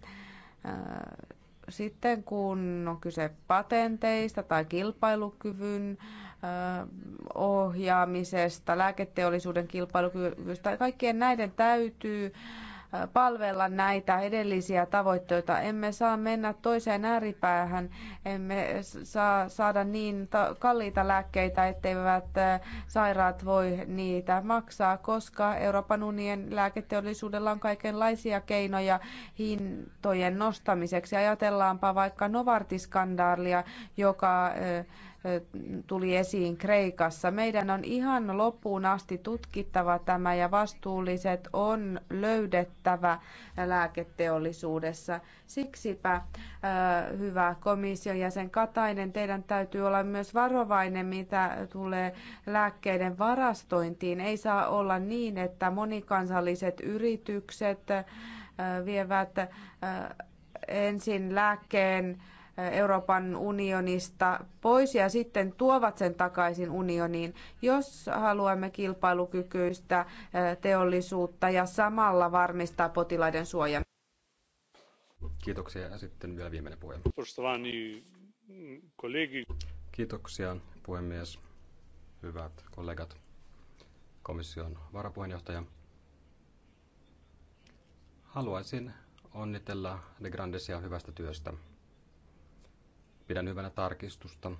sitten kun on kyse patenteista tai kilpailukyvyn äh, ohjaamisesta, lääketeollisuuden kilpailukyvystä, kaikkien näiden täytyy palvella näitä edellisiä tavoitteita. Emme saa mennä toiseen ääripäähän, emme saa saada niin kalliita lääkkeitä, etteivät sairaat voi niitä maksaa, koska Euroopan unionin lääketeollisuudella on kaikenlaisia keinoja hintojen nostamiseksi. Ajatellaanpa vaikka Novartiskandaalia, joka tuli esiin Kreikassa. Meidän on ihan loppuun asti tutkittava tämä ja vastuulliset on löydettävä lääketeollisuudessa. Siksipä, hyvä komission jäsen Katainen, teidän täytyy olla myös varovainen, mitä tulee lääkkeiden varastointiin. Ei saa olla niin, että monikansalliset yritykset vievät ensin lääkkeen Euroopan unionista pois ja sitten tuovat sen takaisin unioniin, jos haluamme kilpailukykyistä eh, teollisuutta ja samalla varmistaa potilaiden suojan. Kiitoksia. Ja sitten vielä viimeinen puhe. Kiitoksia, puhemies. Hyvät kollegat, komission varapuheenjohtaja. Haluaisin onnitella De Grandesia hyvästä työstä. Pidän hyvänä tarkistusta,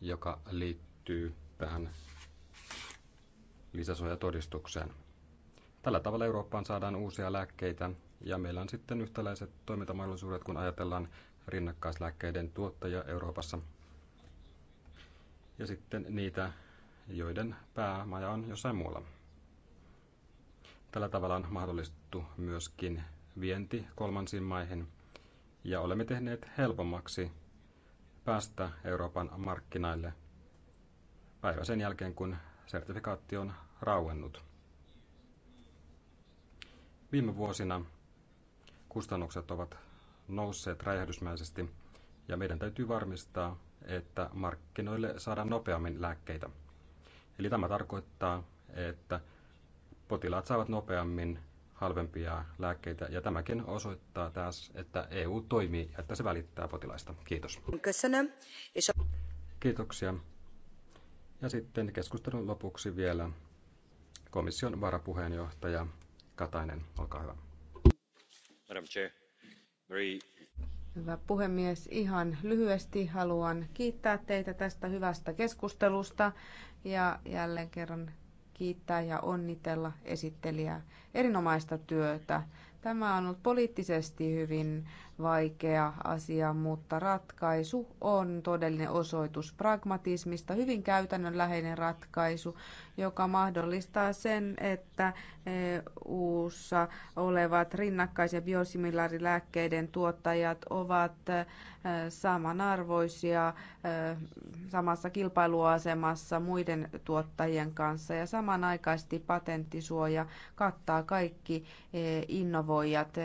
joka liittyy tähän lisäsuojatodistukseen. Tällä tavalla Eurooppaan saadaan uusia lääkkeitä ja meillä on sitten yhtäläiset toimintamahdollisuudet, kun ajatellaan rinnakkaislääkkeiden tuottajia Euroopassa. Ja sitten niitä, joiden päämaja on jossain muualla. Tällä tavalla on mahdollistettu myöskin vienti kolmansiin maihin – ja olemme tehneet helpommaksi päästä Euroopan markkinaille päivä sen jälkeen, kun sertifikaatti on rauennut. Viime vuosina kustannukset ovat nousseet räjähdysmäisesti ja meidän täytyy varmistaa, että markkinoille saadaan nopeammin lääkkeitä. Eli tämä tarkoittaa, että potilaat saavat nopeammin halvempia lääkkeitä. Ja tämäkin osoittaa taas, että EU toimii ja että se välittää potilaista. Kiitos. Kiitoksia. Ja sitten keskustelun lopuksi vielä komission varapuheenjohtaja Katainen, olkaa hyvä. Madam Chair, very... Hyvä puhemies, ihan lyhyesti haluan kiittää teitä tästä hyvästä keskustelusta ja jälleen kerran kiittää ja onnitella esittelijää erinomaista työtä. Tämä on ollut poliittisesti hyvin vaikea asia, mutta ratkaisu on todellinen osoitus pragmatismista, hyvin käytännönläheinen ratkaisu, joka mahdollistaa sen, että EU-ssa olevat rinnakkais- ja biosimilaarilääkkeiden tuottajat ovat e, samanarvoisia e, samassa kilpailuasemassa muiden tuottajien kanssa ja samanaikaisesti patenttisuoja kattaa kaikki e, innovoijat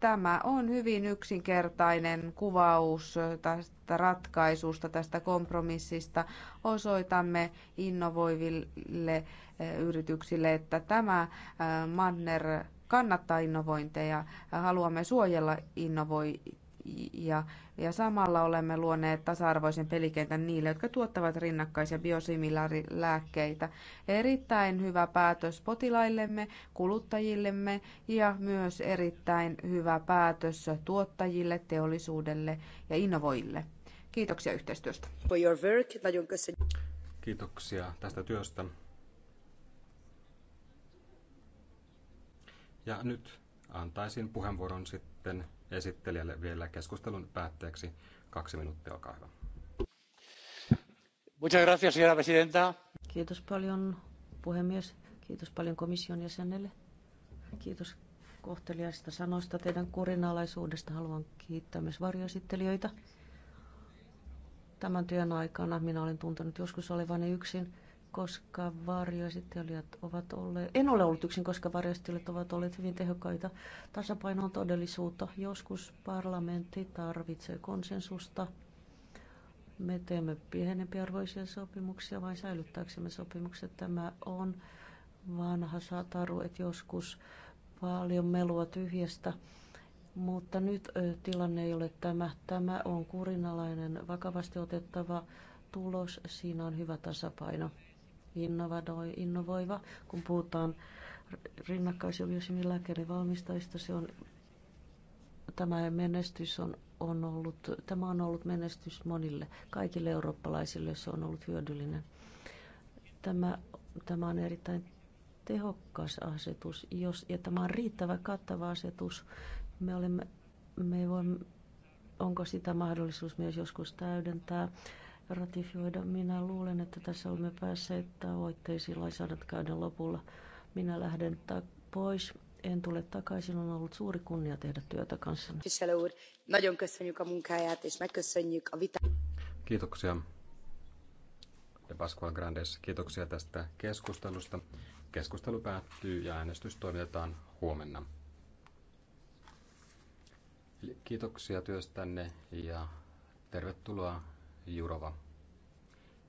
Tämä on hyvin yksinkertainen kuvaus tästä ratkaisusta, tästä kompromissista. Osoitamme innovoiville eh, yrityksille, että tämä eh, manner kannattaa innovointeja. Haluamme suojella innovointeja ja, ja samalla olemme luoneet tasa-arvoisen pelikentän niille, jotka tuottavat rinnakkaisia biosimilaarilääkkeitä. Erittäin hyvä päätös potilaillemme, kuluttajillemme ja myös erittäin hyvä päätös tuottajille, teollisuudelle ja innovoille. Kiitoksia yhteistyöstä. Kiitoksia tästä työstä. Ja nyt antaisin puheenvuoron sitten esittelijälle vielä keskustelun päätteeksi. Kaksi minuuttia, olkaa hyvä. Kiitos paljon puhemies. Kiitos paljon komission jäsenelle. Kiitos kohteliaista sanoista teidän kurinalaisuudesta. Haluan kiittää myös varjoesittelijöitä. Tämän työn aikana minä olen tuntenut joskus olevani yksin koska varjoesittelijät ovat olleet, en ole ollut yksin, koska varjoesittelijät ovat olleet hyvin tehokkaita. Tasapaino on todellisuutta. Joskus parlamentti tarvitsee konsensusta. Me teemme pienempiarvoisia sopimuksia vain säilyttääksemme sopimukset. Tämä on vanha sataru, että joskus paljon melua tyhjästä. Mutta nyt tilanne ei ole tämä. Tämä on kurinalainen, vakavasti otettava tulos. Siinä on hyvä tasapaino innovoiva, kun puhutaan rinnakkaisilmiöisiin lääkärivalmistajista. Se on, tämä menestys on, on ollut, tämä on ollut menestys monille, kaikille eurooppalaisille se on ollut hyödyllinen. Tämä, tämä on erittäin tehokas asetus, jos, ja tämä on riittävä kattava asetus. Me olemme, me voimme, onko sitä mahdollisuus myös joskus täydentää ratifioida. Minä luulen, että tässä olemme päässeet tavoitteisiin käydä lopulla. Minä lähden pois. En tule takaisin. On ollut suuri kunnia tehdä työtä kanssanne. Kiitoksia. De Pascual Grandes, kiitoksia tästä keskustelusta. Keskustelu päättyy ja äänestys toimitetaan huomenna. Kiitoksia työstänne ja tervetuloa Jurova.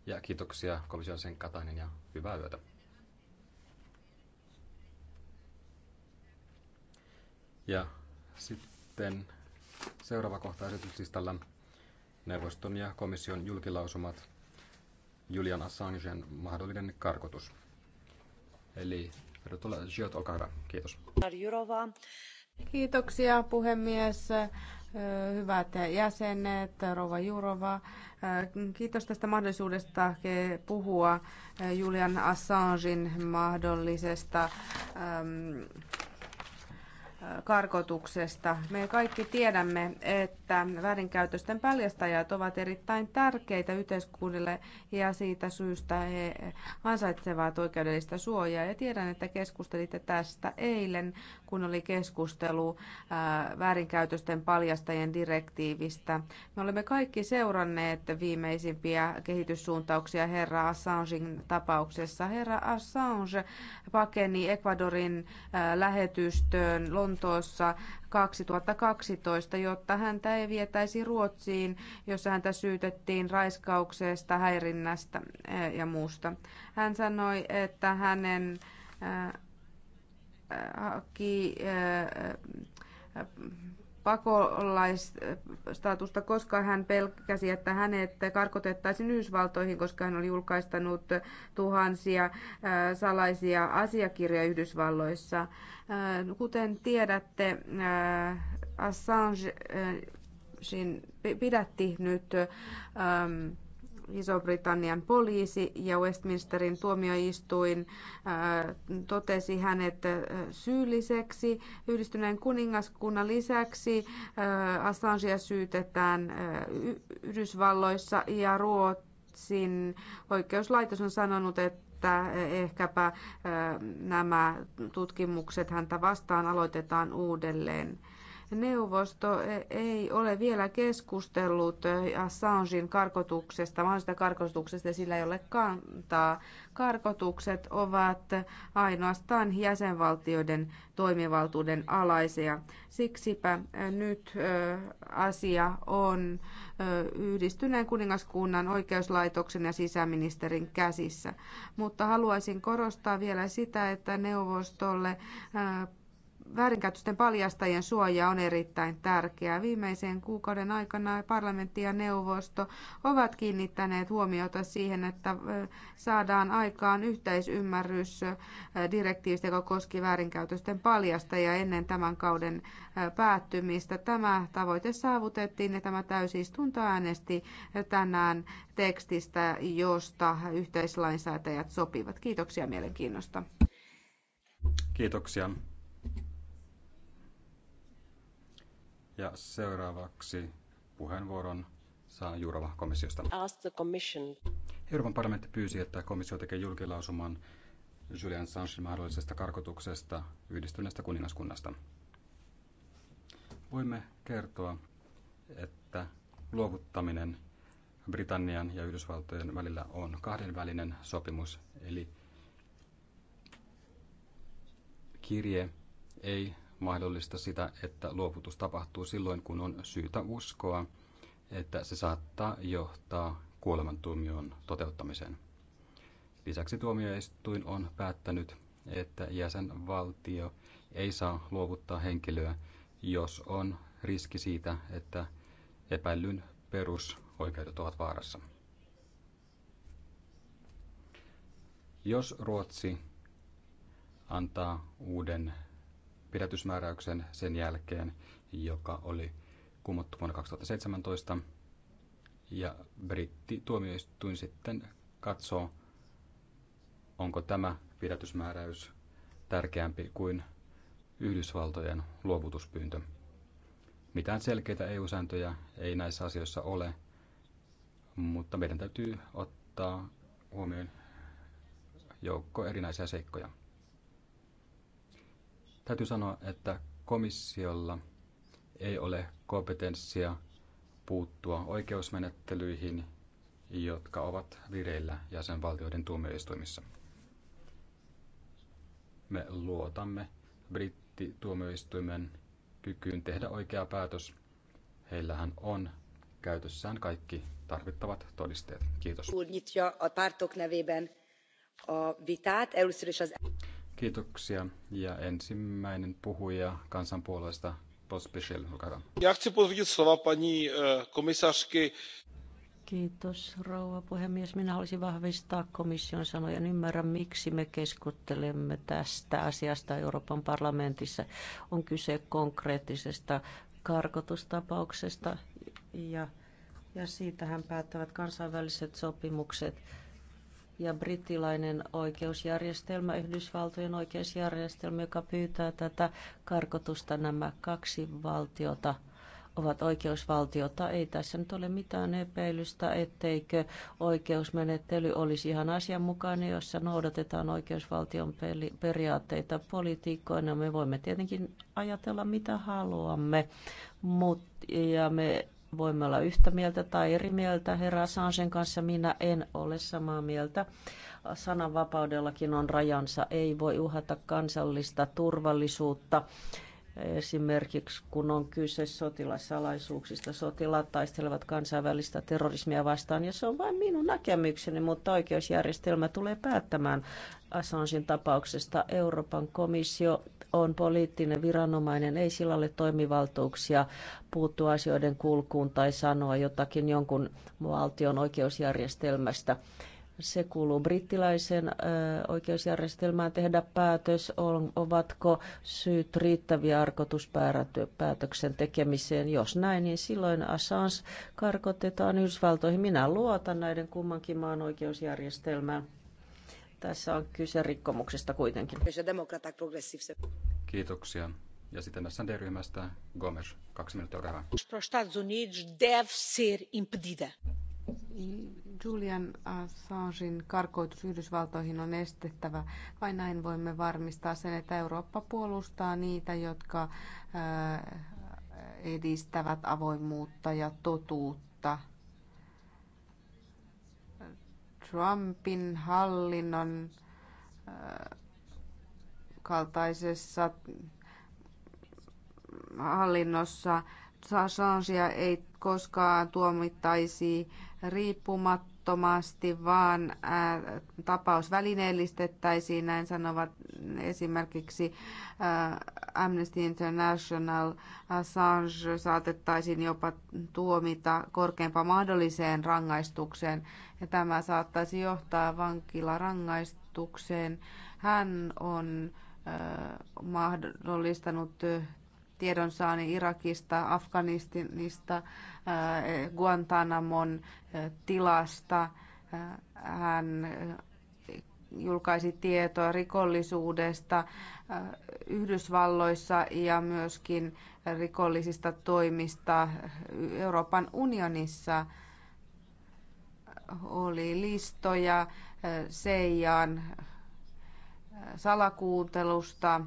Ja kiitoksia komission sen Katainen ja hyvää yötä. Ja sitten seuraava kohta esityslistalla neuvoston ja komission julkilausumat Julian Assangeen mahdollinen karkotus. Eli tervetuloa Giot, olkaa hyvä. Kiitos. Kiitoksia puhemies. Hyvät jäsenet, Rova Jurova, kiitos tästä mahdollisuudesta puhua Julian Assangein mahdollisesta karkotuksesta. Me kaikki tiedämme, että väärinkäytösten paljastajat ovat erittäin tärkeitä yhteiskunnille ja siitä syystä he ansaitsevat oikeudellista suojaa. Ja tiedän, että keskustelitte tästä eilen, kun oli keskustelu väärinkäytösten paljastajien direktiivistä. Me olemme kaikki seuranneet viimeisimpiä kehityssuuntauksia herra Assangein tapauksessa. Herra Assange pakeni Ecuadorin lähetystöön Lontoon Lontoossa 2012, jotta häntä ei vietäisi Ruotsiin, jossa häntä syytettiin raiskauksesta, häirinnästä eh, ja muusta. Hän sanoi, että hänen eh, eh, haki pakolaistatusta, koska hän pelkäsi, että hänet karkotettaisiin Yhdysvaltoihin, koska hän oli julkaistanut tuhansia äh, salaisia asiakirjoja Yhdysvalloissa. Äh, kuten tiedätte, äh, Assange pidätti nyt ähm, Iso-Britannian poliisi ja Westminsterin tuomioistuin äh, totesi hänet äh, syylliseksi. Yhdistyneen kuningaskunnan lisäksi äh, Assangea syytetään Yhdysvalloissa ja Ruotsin oikeuslaitos on sanonut, että että ehkäpä nämä tutkimukset häntä vastaan aloitetaan uudelleen. Neuvosto e, ei ole vielä keskustellut e, Assangein karkotuksesta, mahdollisesta karkotuksesta, ja sillä ei ole kantaa. Karkotukset ovat ainoastaan jäsenvaltioiden toimivaltuuden alaisia. Siksipä e, nyt asia on yhdistyneen kuningaskunnan oikeuslaitoksen ja sisäministerin käsissä. Mutta haluaisin korostaa vielä sitä, että neuvostolle väärinkäytösten paljastajien suoja on erittäin tärkeää. Viimeisen kuukauden aikana parlamentti ja neuvosto ovat kiinnittäneet huomiota siihen, että saadaan aikaan yhteisymmärrys direktiivistä, joka koski väärinkäytösten paljastajia ennen tämän kauden päättymistä. Tämä tavoite saavutettiin ja tämä täysistunto äänesti tänään tekstistä, josta yhteislainsäätäjät sopivat. Kiitoksia mielenkiinnosta. Kiitoksia. Ja seuraavaksi puheenvuoron saa Jurova komissiosta. Euroopan parlamentti pyysi, että komissio tekee julkilausuman Julian Assangein mahdollisesta karkotuksesta yhdistyneestä kuningaskunnasta. Voimme kertoa, että luovuttaminen Britannian ja Yhdysvaltojen välillä on kahdenvälinen sopimus, eli kirje ei mahdollista sitä, että luovutus tapahtuu silloin, kun on syytä uskoa, että se saattaa johtaa kuolemantuomion toteuttamiseen. Lisäksi tuomioistuin on päättänyt, että jäsenvaltio ei saa luovuttaa henkilöä, jos on riski siitä, että epäillyn perusoikeudet ovat vaarassa. Jos Ruotsi antaa uuden pidätysmääräyksen sen jälkeen, joka oli kumottu vuonna 2017. Ja Britti tuomioistuin sitten katsoo, onko tämä pidätysmääräys tärkeämpi kuin Yhdysvaltojen luovutuspyyntö. Mitään selkeitä EU-sääntöjä ei näissä asioissa ole, mutta meidän täytyy ottaa huomioon joukko erinäisiä seikkoja. Täytyy sanoa, että komissiolla ei ole kompetenssia puuttua oikeusmenettelyihin, jotka ovat vireillä jäsenvaltioiden tuomioistuimissa. Me luotamme brittituomioistuimen kykyyn tehdä oikea päätös. Heillähän on käytössään kaikki tarvittavat todisteet. Kiitos. Kiitoksia. Ja ensimmäinen puhuja kansanpuolueesta, Spichel, olkaa hyvä. Ja slova pani eh, komissařky. Kiitos, rouva puhemies. Minä haluaisin vahvistaa komission sanoja. ymmärrä miksi me keskustelemme tästä asiasta Euroopan parlamentissa. On kyse konkreettisesta karkotustapauksesta ja, ja siitähän päättävät kansainväliset sopimukset ja brittiläinen oikeusjärjestelmä, Yhdysvaltojen oikeusjärjestelmä, joka pyytää tätä karkotusta. Nämä kaksi valtiota ovat oikeusvaltiota. Ei tässä nyt ole mitään epäilystä, etteikö oikeusmenettely olisi ihan asianmukainen, jossa noudatetaan oikeusvaltion periaatteita politiikkoina. Me voimme tietenkin ajatella mitä haluamme, mutta ja me Voimme olla yhtä mieltä tai eri mieltä. Herra Assangen kanssa minä en ole samaa mieltä. Sananvapaudellakin on rajansa. Ei voi uhata kansallista turvallisuutta. Esimerkiksi kun on kyse sotilassalaisuuksista, sotilaat taistelevat kansainvälistä terrorismia vastaan, ja se on vain minun näkemykseni, mutta oikeusjärjestelmä tulee päättämään Assangein tapauksesta. Euroopan komissio on poliittinen viranomainen, ei sillä ole toimivaltuuksia puuttua asioiden kulkuun tai sanoa jotakin jonkun valtion oikeusjärjestelmästä se kuuluu brittiläisen oikeusjärjestelmään tehdä päätös, on, ovatko syyt riittäviä arkotuspäätöksen tekemiseen. Jos näin, niin silloin Assange karkotetaan Yhdysvaltoihin. Minä luotan näiden kummankin maan oikeusjärjestelmään. Tässä on kyse rikkomuksesta kuitenkin. Kiitoksia. Ja sitten SND-ryhmästä Gomes, kaksi minuuttia olkaa hyvä. Niin, Julian Assangein karkoitus Yhdysvaltoihin on estettävä. Vain näin voimme varmistaa sen, että Eurooppa puolustaa niitä, jotka edistävät avoimuutta ja totuutta Trumpin hallinnon äh, kaltaisessa hallinnossa Assangea ei koskaan tuomittaisi riippumatta loputtomasti, vaan äh, tapaus välineellistettäisiin, näin sanovat esimerkiksi äh, Amnesty International, Assange saatettaisiin jopa tuomita korkeampaan mahdolliseen rangaistukseen, ja tämä saattaisi johtaa vankilarangaistukseen. Hän on äh, mahdollistanut tiedonsaani Irakista, Afganistanista, äh, Guantanamon äh, tilasta. Äh, hän julkaisi tietoa rikollisuudesta Yhdysvalloissa ja myöskin rikollisista toimista Euroopan unionissa. Oli listoja Seijaan salakuuntelusta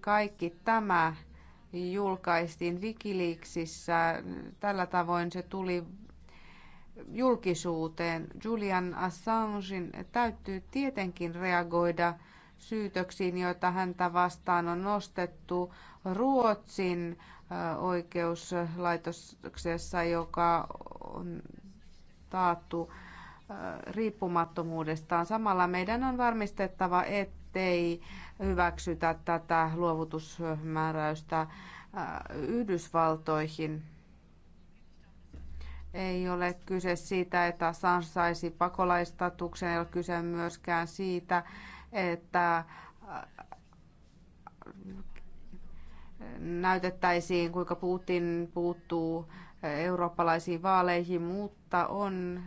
kaikki tämä julkaistiin Wikileaksissa. Tällä tavoin se tuli julkisuuteen. Julian Assangein täytyy tietenkin reagoida syytöksiin, joita häntä vastaan on nostettu Ruotsin oikeuslaitoksessa, joka on taattu riippumattomuudestaan. Samalla meidän on varmistettava, että ettei hyväksytä tätä luovutusmääräystä äh, Yhdysvaltoihin. Ei ole kyse siitä, että Assange saisi pakolaistatuksen, ei ole kyse myöskään siitä, että äh, näytettäisiin, kuinka Putin puuttuu eurooppalaisiin vaaleihin, mutta on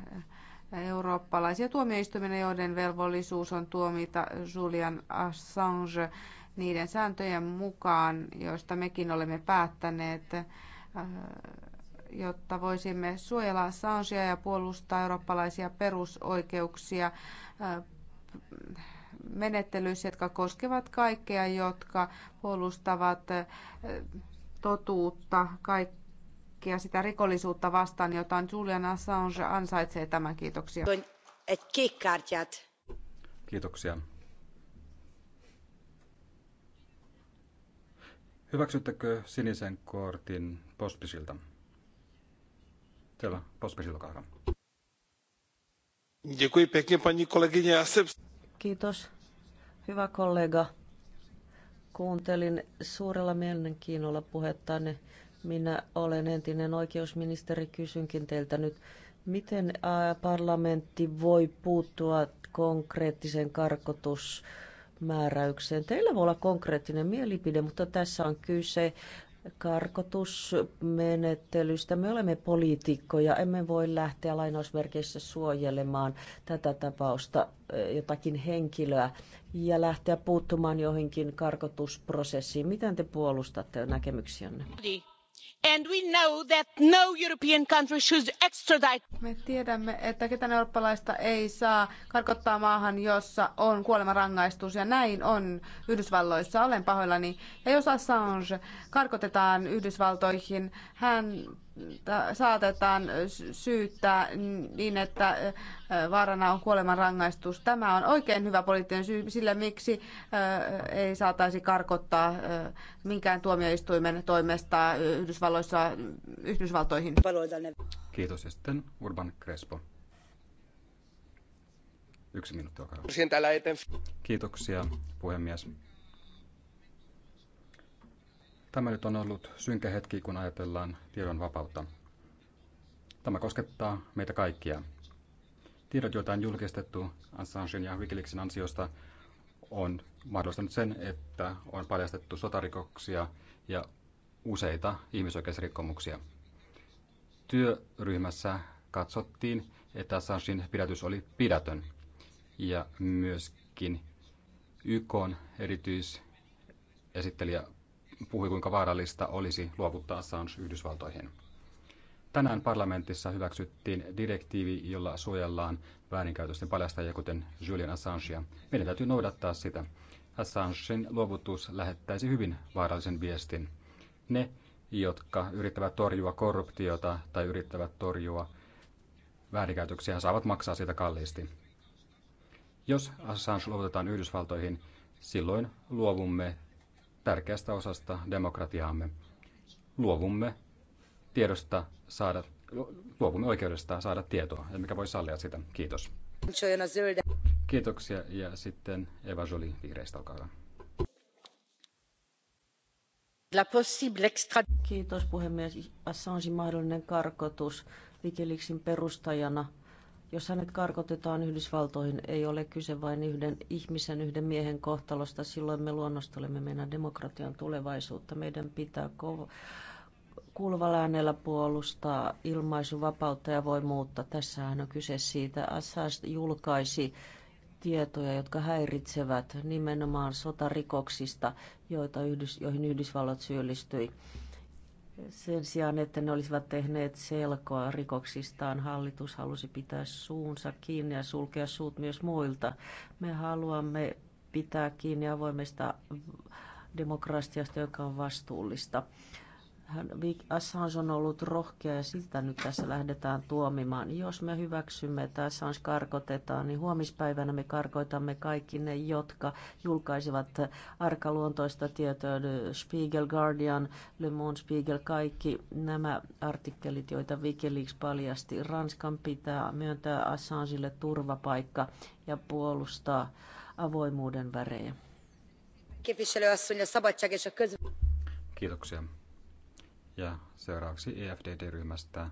eurooppalaisia tuomioistuimia, joiden velvollisuus on tuomita Julian Assange niiden sääntöjen mukaan, joista mekin olemme päättäneet, äh, jotta voisimme suojella Assangea ja puolustaa eurooppalaisia perusoikeuksia äh, menettelyissä, jotka koskevat kaikkea, jotka puolustavat äh, totuutta, kaikkea kaikkea sitä rikollisuutta vastaan, jota Julian Assange ansaitsee tämän. Kiitoksia. Kiitoksia. Hyväksyttekö sinisen kortin Pospisilta? Teillä Pospisil, olkaa hyvä. Kiitos, hyvä kollega. Kuuntelin suurella mielenkiinnolla puhettanne minä olen entinen oikeusministeri, kysynkin teiltä nyt, miten parlamentti voi puuttua konkreettisen Määräykseen. Teillä voi olla konkreettinen mielipide, mutta tässä on kyse karkotusmenettelystä. Me olemme poliitikkoja, emme voi lähteä lainausmerkeissä suojelemaan tätä tapausta jotakin henkilöä ja lähteä puuttumaan johonkin karkotusprosessiin. Miten te puolustatte näkemyksiänne? Niin. And we know that no European country should extradite. Me tiedämme, että ketään eurooppalaista ei saa karkottaa maahan, jossa on kuolemanrangaistus, ja näin on Yhdysvalloissa. Olen pahoillani. Ja jos Assange karkotetaan Yhdysvaltoihin, hän saatetaan syyttää niin, että vaarana on kuolemanrangaistus. Tämä on oikein hyvä poliittinen syy sillä, miksi ei saataisi karkottaa minkään tuomioistuimen toimesta Yhdysvalloissa, Yhdysvaltoihin. Kiitos. Ja sitten Urban Crespo. Yksi minuutti, olkaa Kiitoksia, puhemies. Tämä nyt on ollut synkä hetki, kun ajatellaan tiedon vapautta. Tämä koskettaa meitä kaikkia. Tiedot, joita on julkistettu Assangein ja Wikileaksin ansiosta, on mahdollistanut sen, että on paljastettu sotarikoksia ja useita ihmisoikeusrikkomuksia. Työryhmässä katsottiin, että Assangein pidätys oli pidätön ja myöskin YK erityisesittelijä puhui, kuinka vaarallista olisi luovuttaa Assange Yhdysvaltoihin. Tänään parlamentissa hyväksyttiin direktiivi, jolla suojellaan väärinkäytösten paljastajia, kuten Julian Assangea. Meidän täytyy noudattaa sitä. Assangein luovutus lähettäisi hyvin vaarallisen viestin. Ne, jotka yrittävät torjua korruptiota tai yrittävät torjua väärinkäytöksiä, saavat maksaa sitä kalliisti. Jos Assange luovutetaan Yhdysvaltoihin, silloin luovumme tärkeästä osasta demokratiaamme. Luovumme tiedosta saada, luovumme oikeudesta saada tietoa, emmekä voi sallia sitä. Kiitos. Kiitoksia ja sitten Eva Jolie vihreistä, olkaa hyvä. Kiitos puhemies. Assangein mahdollinen karkotus Wikileaksin perustajana – jos hänet karkotetaan Yhdysvaltoihin, ei ole kyse vain yhden ihmisen, yhden miehen kohtalosta. Silloin me luonnostelemme meidän demokratian tulevaisuutta. Meidän pitää ko- kuuluvalla äänellä puolustaa ilmaisuvapautta ja voi muuttaa. Tässähän on kyse siitä. Assad julkaisi tietoja, jotka häiritsevät nimenomaan sotarikoksista, joita Yhdys- joihin Yhdysvallat syyllistyi. Sen sijaan, että ne olisivat tehneet selkoa rikoksistaan, hallitus halusi pitää suunsa kiinni ja sulkea suut myös muilta. Me haluamme pitää kiinni avoimesta demokratiasta, joka on vastuullista. Assange on ollut rohkea ja siltä nyt tässä lähdetään tuomimaan. Jos me hyväksymme, että Assange karkotetaan, niin huomispäivänä me karkoitamme kaikki ne, jotka julkaisivat arkaluontoista tietoa, Spiegel, Guardian, Le Monde Spiegel, kaikki nämä artikkelit, joita Wikileaks paljasti. Ranskan pitää myöntää Assangeille turvapaikka ja puolustaa avoimuuden värejä. Kiitoksia. Ja seuraavaksi EFDD-ryhmästä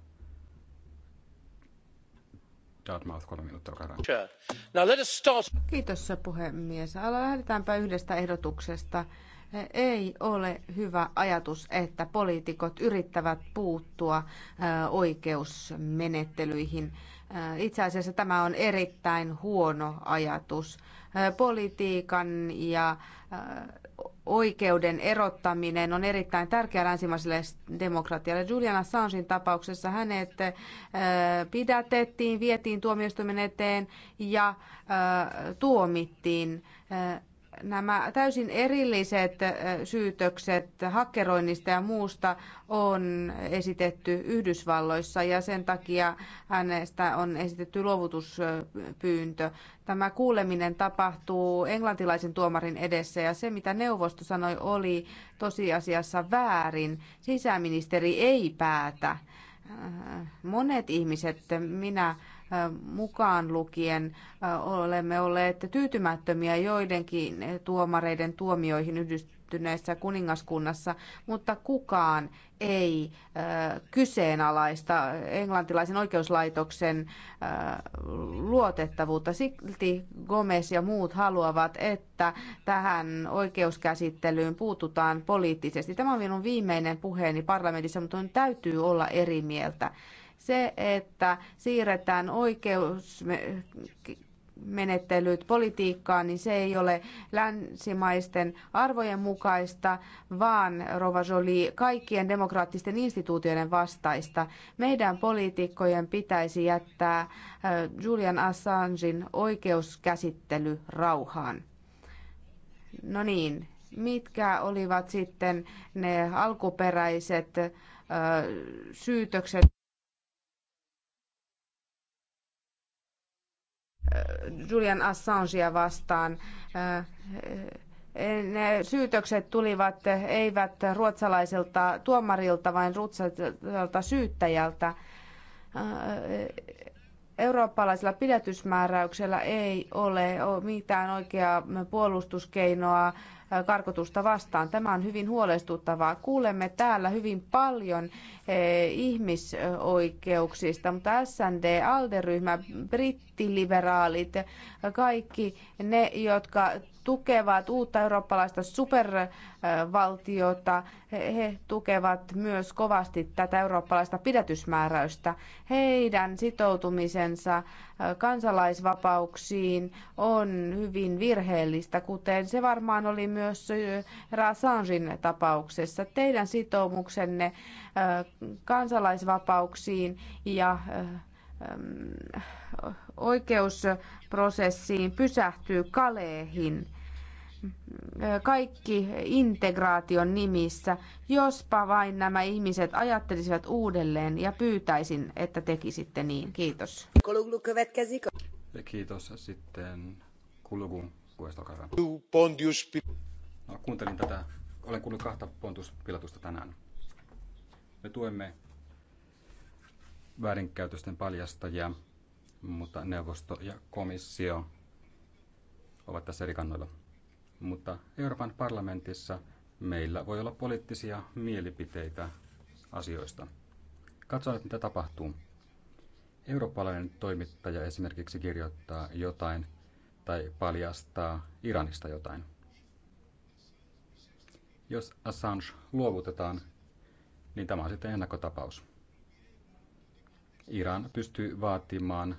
Dartmouth, kolme minuuttia, olkaa hyvä. Kiitos puhemies. Lähdetäänpä yhdestä ehdotuksesta. Ei ole hyvä ajatus, että poliitikot yrittävät puuttua oikeusmenettelyihin. Äh, itse asiassa tämä on erittäin huono ajatus. Äh, politiikan ja äh, oikeuden erottaminen on erittäin tärkeää länsimaiselle demokratialle. Julian Assangein tapauksessa hänet pidätettiin, vietiin tuomioistuimen eteen ja tuomittiin nämä täysin erilliset syytökset hakkeroinnista ja muusta on esitetty Yhdysvalloissa ja sen takia hänestä on esitetty luovutuspyyntö. Tämä kuuleminen tapahtuu englantilaisen tuomarin edessä ja se mitä neuvosto sanoi oli tosiasiassa väärin. Sisäministeri ei päätä. Monet ihmiset, minä mukaan lukien olemme olleet tyytymättömiä joidenkin tuomareiden tuomioihin yhdistyneessä kuningaskunnassa, mutta kukaan ei kyseenalaista englantilaisen oikeuslaitoksen luotettavuutta. Silti Gomez ja muut haluavat, että tähän oikeuskäsittelyyn puututaan poliittisesti. Tämä on minun viimeinen puheeni parlamentissa, mutta on täytyy olla eri mieltä. Se, että siirretään oikeusmenettelyt politiikkaan, niin se ei ole länsimaisten arvojen mukaista, vaan Rova Jolie, kaikkien demokraattisten instituutioiden vastaista. Meidän poliitikkojen pitäisi jättää Julian Assangein oikeuskäsittely rauhaan. No niin, mitkä olivat sitten ne alkuperäiset syytökset? Julian Assangea vastaan. Äh, äh, ne syytökset tulivat eivät ruotsalaiselta tuomarilta, vaan ruotsalaiselta syyttäjältä. Äh, eurooppalaisella pidätysmääräyksellä ei ole mitään oikeaa puolustuskeinoa karkotusta vastaan. Tämä on hyvin huolestuttavaa. Kuulemme täällä hyvin paljon ihmisoikeuksista, mutta SND, ALDE-ryhmä, brittiliberaalit, kaikki ne, jotka tukevat uutta eurooppalaista supervaltiota. He tukevat myös kovasti tätä eurooppalaista pidätysmääräystä. Heidän sitoutumisensa kansalaisvapauksiin on hyvin virheellistä, kuten se varmaan oli myös Rassansin tapauksessa. Teidän sitoumuksenne kansalaisvapauksiin ja oikeusprosessiin pysähtyy kaleihin kaikki integraation nimissä, jospa vain nämä ihmiset ajattelisivat uudelleen ja pyytäisin, että tekisitte niin. Kiitos. Kiitos. Sitten Kulugu Kuestokasa. No, kuuntelin tätä. Olen kuullut kahta Pontus Pilatusta tänään. Me tuemme väärinkäytösten paljastajia, mutta neuvosto ja komissio ovat tässä eri kannoilla. Mutta Euroopan parlamentissa meillä voi olla poliittisia mielipiteitä asioista. Katsotaan, mitä tapahtuu. Eurooppalainen toimittaja esimerkiksi kirjoittaa jotain tai paljastaa Iranista jotain. Jos Assange luovutetaan, niin tämä on sitten ennakkotapaus. Iran pystyy vaatimaan